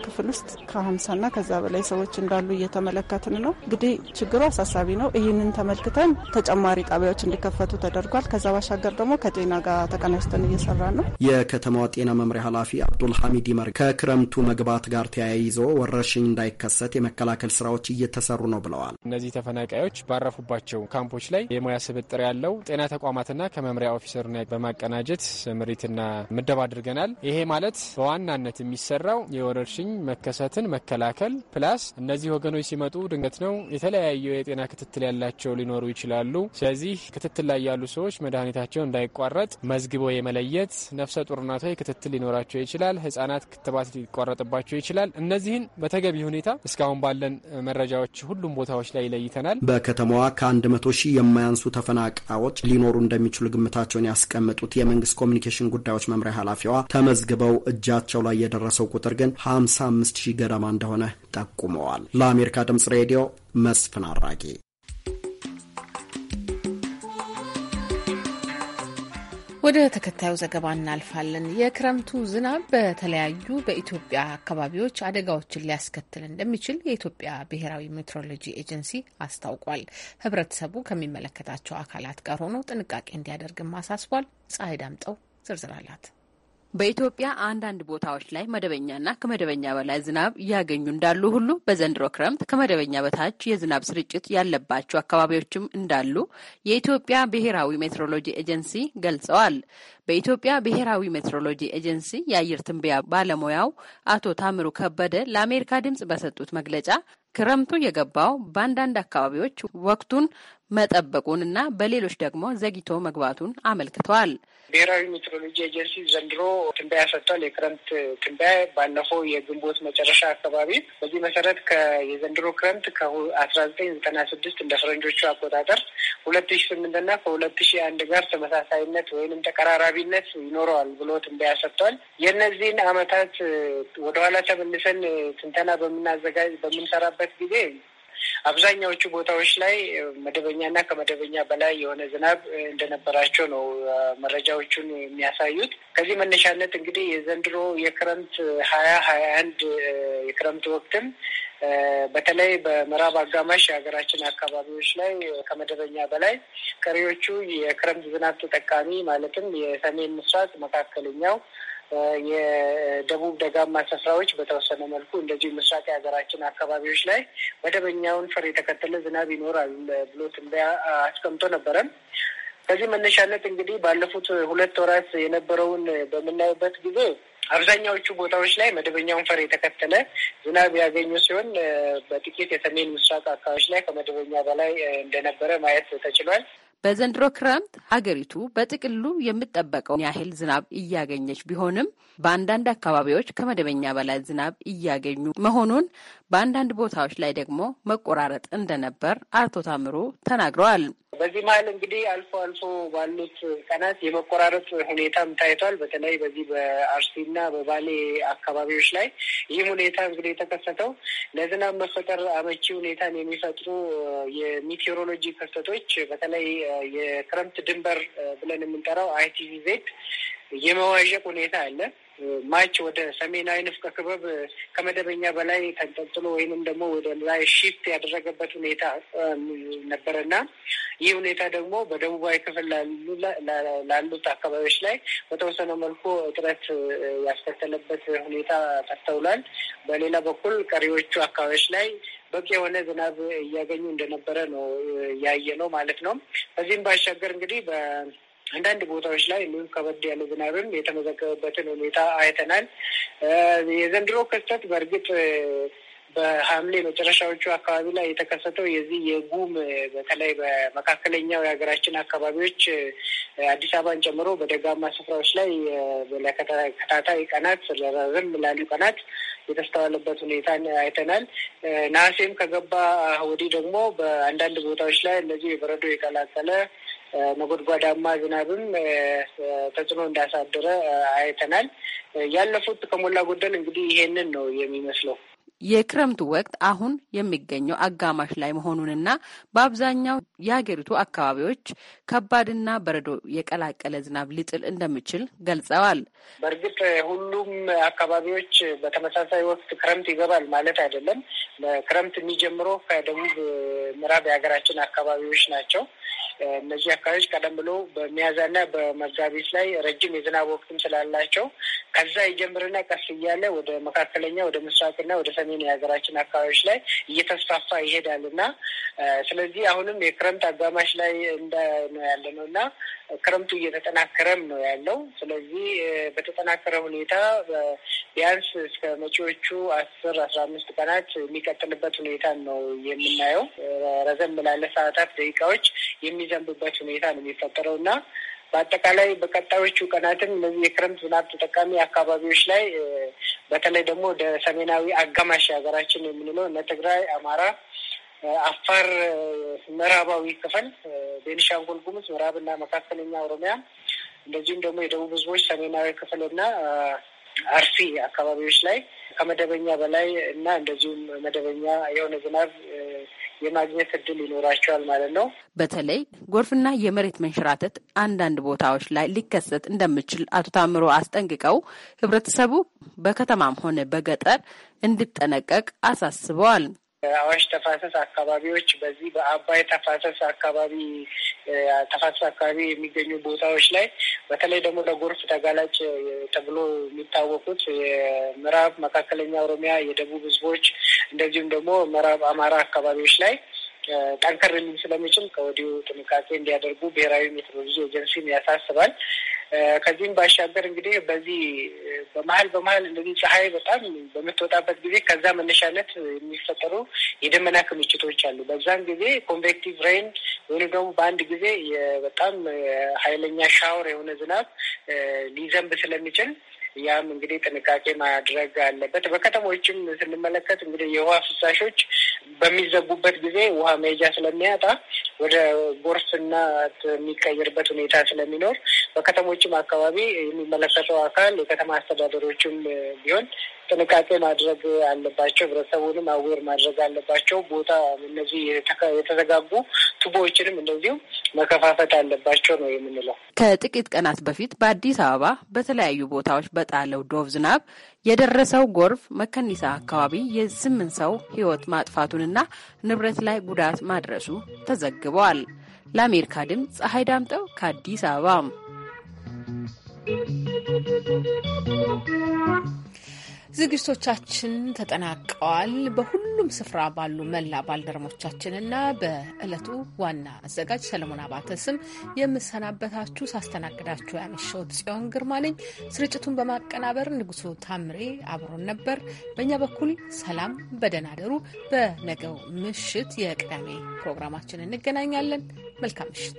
ክፍል ውስጥ ከሀምሳና ከዛ በላይ ሰዎች እንዳሉ እየተመለከትን ነው። እንግዲህ ችግሩ አሳሳቢ ነው። ይህንን ተመልክተን ተጨማሪ ጣቢያዎች እንዲከፈቱ ተደርጓል። ከዛ ባሻገር ደግሞ ከጤና ጋር ተቀናጅተን እየሰራ ነው። የከተማዋ ጤና መምሪያ ኃላፊ አብዱል ሐሚድ ይመር ከክረምቱ መግባት ጋር ተያይዞ ወረርሽኝ እንዳይከሰት የመከላከል ስራዎች እየተሰሩ ነው ብለዋል። እነዚህ ተፈናቃዮች ባረፉባቸው ካምፖች ላይ የሙያ ስብጥር ያለው ጤና ተቋማትና ከመምሪያ ኦፊሰር በማቀናጀት ምሪትና ምደባ አድርገናል። ይሄ ማለት በዋናነት የሚሰራው የወረርሽኝ መከሰትን መከላከል ፕላስ እነዚህ ወገኖች ሲመጡ ድንገት ነው የተለያየ የጤና ክትትል ያላቸው ሊኖሩ ይችላሉ። ስለዚህ ክትትል ላይ ያሉ ሰዎች መድኃኒታቸው እንዳይቋረጥ መዝግቦ የመለየት ነፍሰ ጡርናቶ ክትትል ሊኖራቸው ይችላል። ህጻናት ክትባት ሊቋረ ሊቋረጥባቸው ይችላል። እነዚህን በተገቢ ሁኔታ እስካሁን ባለን መረጃዎች ሁሉም ቦታዎች ላይ ይለይተናል። በከተማዋ ከአንድ መቶ ሺህ የማያንሱ ተፈናቃዮች ሊኖሩ እንደሚችሉ ግምታቸውን ያስቀመጡት የመንግስት ኮሚኒኬሽን ጉዳዮች መምሪያ ኃላፊዋ ተመዝግበው እጃቸው ላይ የደረሰው ቁጥር ግን 55 ሺህ ገደማ እንደሆነ ጠቁመዋል። ለአሜሪካ ድምጽ ሬዲዮ መስፍን አራጌ ወደ ተከታዩ ዘገባ እናልፋለን። የክረምቱ ዝናብ በተለያዩ በኢትዮጵያ አካባቢዎች አደጋዎችን ሊያስከትል እንደሚችል የኢትዮጵያ ብሔራዊ ሜትሮሎጂ ኤጀንሲ አስታውቋል። ሕብረተሰቡ ከሚመለከታቸው አካላት ጋር ሆኖ ጥንቃቄ እንዲያደርግም አሳስቧል። ፀሐይ ዳምጠው ዝርዝር አላት። በኢትዮጵያ አንዳንድ ቦታዎች ላይ መደበኛና ከመደበኛ በላይ ዝናብ እያገኙ እንዳሉ ሁሉ በዘንድሮ ክረምት ከመደበኛ በታች የዝናብ ስርጭት ያለባቸው አካባቢዎችም እንዳሉ የኢትዮጵያ ብሔራዊ ሜትሮሎጂ ኤጀንሲ ገልጸዋል። በኢትዮጵያ ብሔራዊ ሜትሮሎጂ ኤጀንሲ የአየር ትንበያ ባለሙያው አቶ ታምሩ ከበደ ለአሜሪካ ድምጽ በሰጡት መግለጫ ክረምቱ የገባው በአንዳንድ አካባቢዎች ወቅቱን መጠበቁንና በሌሎች ደግሞ ዘግይቶ መግባቱን አመልክተዋል። ብሔራዊ ሜትሮሎጂ ኤጀንሲ ዘንድሮ ትንበያ ሰጥቷል። የክረምት ትንበያ ባለፈው የግንቦት መጨረሻ አካባቢ። በዚህ መሰረት የዘንድሮ ክረምት ከአስራ ዘጠኝ ዘጠና ስድስት እንደ ፈረንጆቹ አቆጣጠር ሁለት ሺ ስምንት እና ከሁለት ሺ አንድ ጋር ተመሳሳይነት ወይንም ተቀራራቢነት ይኖረዋል ብሎ ትንበያ ሰጥቷል። የእነዚህን አመታት ወደኋላ ተመልሰን ትንተና በምናዘጋጅ በምንሰራበት ጊዜ አብዛኛዎቹ ቦታዎች ላይ መደበኛና ከመደበኛ በላይ የሆነ ዝናብ እንደነበራቸው ነው መረጃዎቹን የሚያሳዩት። ከዚህ መነሻነት እንግዲህ የዘንድሮ የክረምት ሀያ ሀያ አንድ የክረምት ወቅትም በተለይ በምዕራብ አጋማሽ የሀገራችን አካባቢዎች ላይ ከመደበኛ በላይ ቀሪዎቹ የክረምት ዝናብ ተጠቃሚ ማለትም የሰሜን ምስራቅ፣ መካከለኛው የደቡብ ደጋማ ስፍራዎች በተወሰነ መልኩ እንደዚሁ ምስራቅ የሀገራችን አካባቢዎች ላይ መደበኛውን ፈር የተከተለ ዝናብ ይኖራል ብሎ ትንበያ አስቀምጦ ነበረም። በዚህ መነሻነት እንግዲህ ባለፉት ሁለት ወራት የነበረውን በምናይበት ጊዜ አብዛኛዎቹ ቦታዎች ላይ መደበኛውን ፈር የተከተለ ዝናብ ያገኙ ሲሆን በጥቂት የሰሜን ምስራቅ አካባቢዎች ላይ ከመደበኛ በላይ እንደነበረ ማየት ተችሏል። በዘንድሮ ክረምት ሀገሪቱ በጥቅሉ የምጠበቀውን ያህል ዝናብ እያገኘች ቢሆንም በአንዳንድ አካባቢዎች ከመደበኛ በላይ ዝናብ እያገኙ መሆኑን በአንዳንድ ቦታዎች ላይ ደግሞ መቆራረጥ እንደነበር አቶ ታምሩ ተናግረዋል። በዚህ መሀል እንግዲህ አልፎ አልፎ ባሉት ቀናት የመቆራረጥ ሁኔታም ታይቷል። በተለይ በዚህ በአርሲና በባሌ አካባቢዎች ላይ ይህ ሁኔታ እንግዲህ የተከሰተው ለዝናብ መፈጠር አመቺ ሁኔታን የሚፈጥሩ የሚቴሮሎጂ ክስተቶች በተለይ የክረምት ድንበር ብለን የምንጠራው አይቲቪዜት የመዋዠቅ ሁኔታ አለ። ማች ወደ ሰሜናዊ ንፍቀ ክበብ ከመደበኛ በላይ ተንጠልጥሎ ወይንም ደግሞ ወደ ላይ ሺፍት ያደረገበት ሁኔታ ነበረና ይህ ሁኔታ ደግሞ በደቡባዊ ክፍል ላሉት አካባቢዎች ላይ በተወሰነ መልኩ እጥረት ያስከተለበት ሁኔታ ተስተውሏል። በሌላ በኩል ቀሪዎቹ አካባቢዎች ላይ በቂ የሆነ ዝናብ እያገኙ እንደነበረ ነው ያየ ነው ማለት ነው። በዚህም ባሻገር እንግዲህ አንዳንድ ቦታዎች ላይ እንዲሁም ከበድ ያለ ዝናብም የተመዘገበበትን ሁኔታ አይተናል። የዘንድሮ ክስተት በእርግጥ በሐምሌ መጨረሻዎቹ አካባቢ ላይ የተከሰተው የዚህ የጉም በተለይ በመካከለኛው የሀገራችን አካባቢዎች አዲስ አበባን ጨምሮ በደጋማ ስፍራዎች ላይ ለተከታታይ ቀናት ረዘም ላሉ ቀናት የተስተዋለበት ሁኔታን አይተናል። ነሐሴም ከገባ ወዲህ ደግሞ በአንዳንድ ቦታዎች ላይ እነዚህ የበረዶ የቀላቀለ ነጎድጓዳማ ዝናብም ተጽዕኖ እንዳሳደረ አይተናል። ያለፉት ከሞላ ጎደል እንግዲህ ይሄንን ነው የሚመስለው። የክረምቱ ወቅት አሁን የሚገኘው አጋማሽ ላይ መሆኑንና በአብዛኛው የሀገሪቱ አካባቢዎች ከባድና በረዶ የቀላቀለ ዝናብ ሊጥል እንደሚችል ገልጸዋል። በእርግጥ ሁሉም አካባቢዎች በተመሳሳይ ወቅት ክረምት ይገባል ማለት አይደለም። ክረምት የሚጀምረው ከደቡብ ምዕራብ የሀገራችን አካባቢዎች ናቸው። እነዚህ አካባቢዎች ቀደም ብሎ በሚያዝያና በመጋቢት ላይ ረጅም የዝናብ ወቅትም ስላላቸው ከዛ ይጀምርና ቀስ እያለ ወደ መካከለኛ ወደ ምስራቅና ወደ ሰሜን የሀገራችን አካባቢዎች ላይ እየተስፋፋ ይሄዳል እና ስለዚህ አሁንም የክረምት አጋማሽ ላይ ነው ያለ ነው እና ክረምቱ እየተጠናከረም ነው ያለው። ስለዚህ በተጠናከረ ሁኔታ ቢያንስ እስከ መጪዎቹ አስር አስራ አምስት ቀናት የሚቀጥልበት ሁኔታ ነው የምናየው። ረዘም ላለ ሰዓታት፣ ደቂቃዎች የሚዘንብበት ሁኔታ ነው የሚፈጠረው እና በአጠቃላይ በቀጣዮቹ ቀናትም እነዚህ የክረምት ዝናብ ተጠቃሚ አካባቢዎች ላይ በተለይ ደግሞ ወደ ሰሜናዊ አጋማሽ ሀገራችን የምንለው እነ ትግራይ፣ አማራ አፋር ምዕራባዊ ክፍል፣ ቤኒሻንጉል ጉሙዝ፣ ምዕራብና መካከለኛ ኦሮሚያ እንደዚሁም ደግሞ የደቡብ ህዝቦች ሰሜናዊ ክፍልና አርሲ አካባቢዎች ላይ ከመደበኛ በላይ እና እንደዚሁም መደበኛ የሆነ ዝናብ የማግኘት እድል ይኖራቸዋል ማለት ነው። በተለይ ጎርፍና የመሬት መንሸራተት አንዳንድ ቦታዎች ላይ ሊከሰት እንደሚችል አቶ ታምሮ አስጠንቅቀው ህብረተሰቡ በከተማም ሆነ በገጠር እንዲጠነቀቅ አሳስበዋል። አዋሽ ተፋሰስ አካባቢዎች በዚህ በአባይ ተፋሰስ አካባቢ ተፋሰስ አካባቢ የሚገኙ ቦታዎች ላይ በተለይ ደግሞ ለጎርፍ ተጋላጭ ተብሎ የሚታወቁት የምዕራብ መካከለኛ ኦሮሚያ፣ የደቡብ ህዝቦች እንደዚሁም ደግሞ ምዕራብ አማራ አካባቢዎች ላይ ጠንከር የሚል ስለሚችል ከወዲሁ ጥንቃቄ እንዲያደርጉ ብሔራዊ ሜትሮሎጂ ኤጀንሲን ያሳስባል። ከዚህም ባሻገር እንግዲህ በዚህ በመሀል በመሀል እንደዚህ ፀሐይ በጣም በምትወጣበት ጊዜ ከዛ መነሻነት የሚፈጠሩ የደመና ክምችቶች አሉ። በዛን ጊዜ ኮንቬክቲቭ ሬይን ወይም ደግሞ በአንድ ጊዜ በጣም ኃይለኛ ሻወር የሆነ ዝናብ ሊዘንብ ስለሚችል ያም እንግዲህ ጥንቃቄ ማድረግ አለበት። በከተሞችም ስንመለከት እንግዲህ የውሃ ፍሳሾች በሚዘጉበት ጊዜ ውሃ መሄጃ ስለሚያጣ ወደ ጎርፍና የሚቀየርበት ሁኔታ ስለሚኖር በከተሞችም አካባቢ የሚመለከተው አካል የከተማ አስተዳደሮችም ቢሆን ጥንቃቄ ማድረግ አለባቸው። ህብረተሰቡንም አዌር ማድረግ አለባቸው። ቦታ እነዚህ የተዘጋጉ ቱቦዎችንም እንደዚሁ መከፋፈት አለባቸው ነው የምንለው። ከጥቂት ቀናት በፊት በአዲስ አበባ በተለያዩ ቦታዎች በጣለው ዶፍ ዝናብ የደረሰው ጎርፍ መከኒሳ አካባቢ የስምንት ሰው ህይወት ማጥፋቱንና ንብረት ላይ ጉዳት ማድረሱ ተዘግበዋል። ለአሜሪካ ድምፅ ፀሐይ ዳምጠው ከአዲስ አበባ ዝግጅቶቻችን ተጠናቀዋል። በሁሉም ስፍራ ባሉ መላ ባልደረሞቻችንና በዕለቱ ዋና አዘጋጅ ሰለሞን አባተ ስም የምሰናበታችሁ ሳስተናግዳችሁ ያመሸሁት ጽዮን ግርማ ነኝ። ስርጭቱን በማቀናበር ንጉሱ ታምሬ አብሮን ነበር። በእኛ በኩል ሰላም፣ በደህና ደሩ። በነገው ምሽት የቅዳሜ ፕሮግራማችን እንገናኛለን። መልካም ምሽት።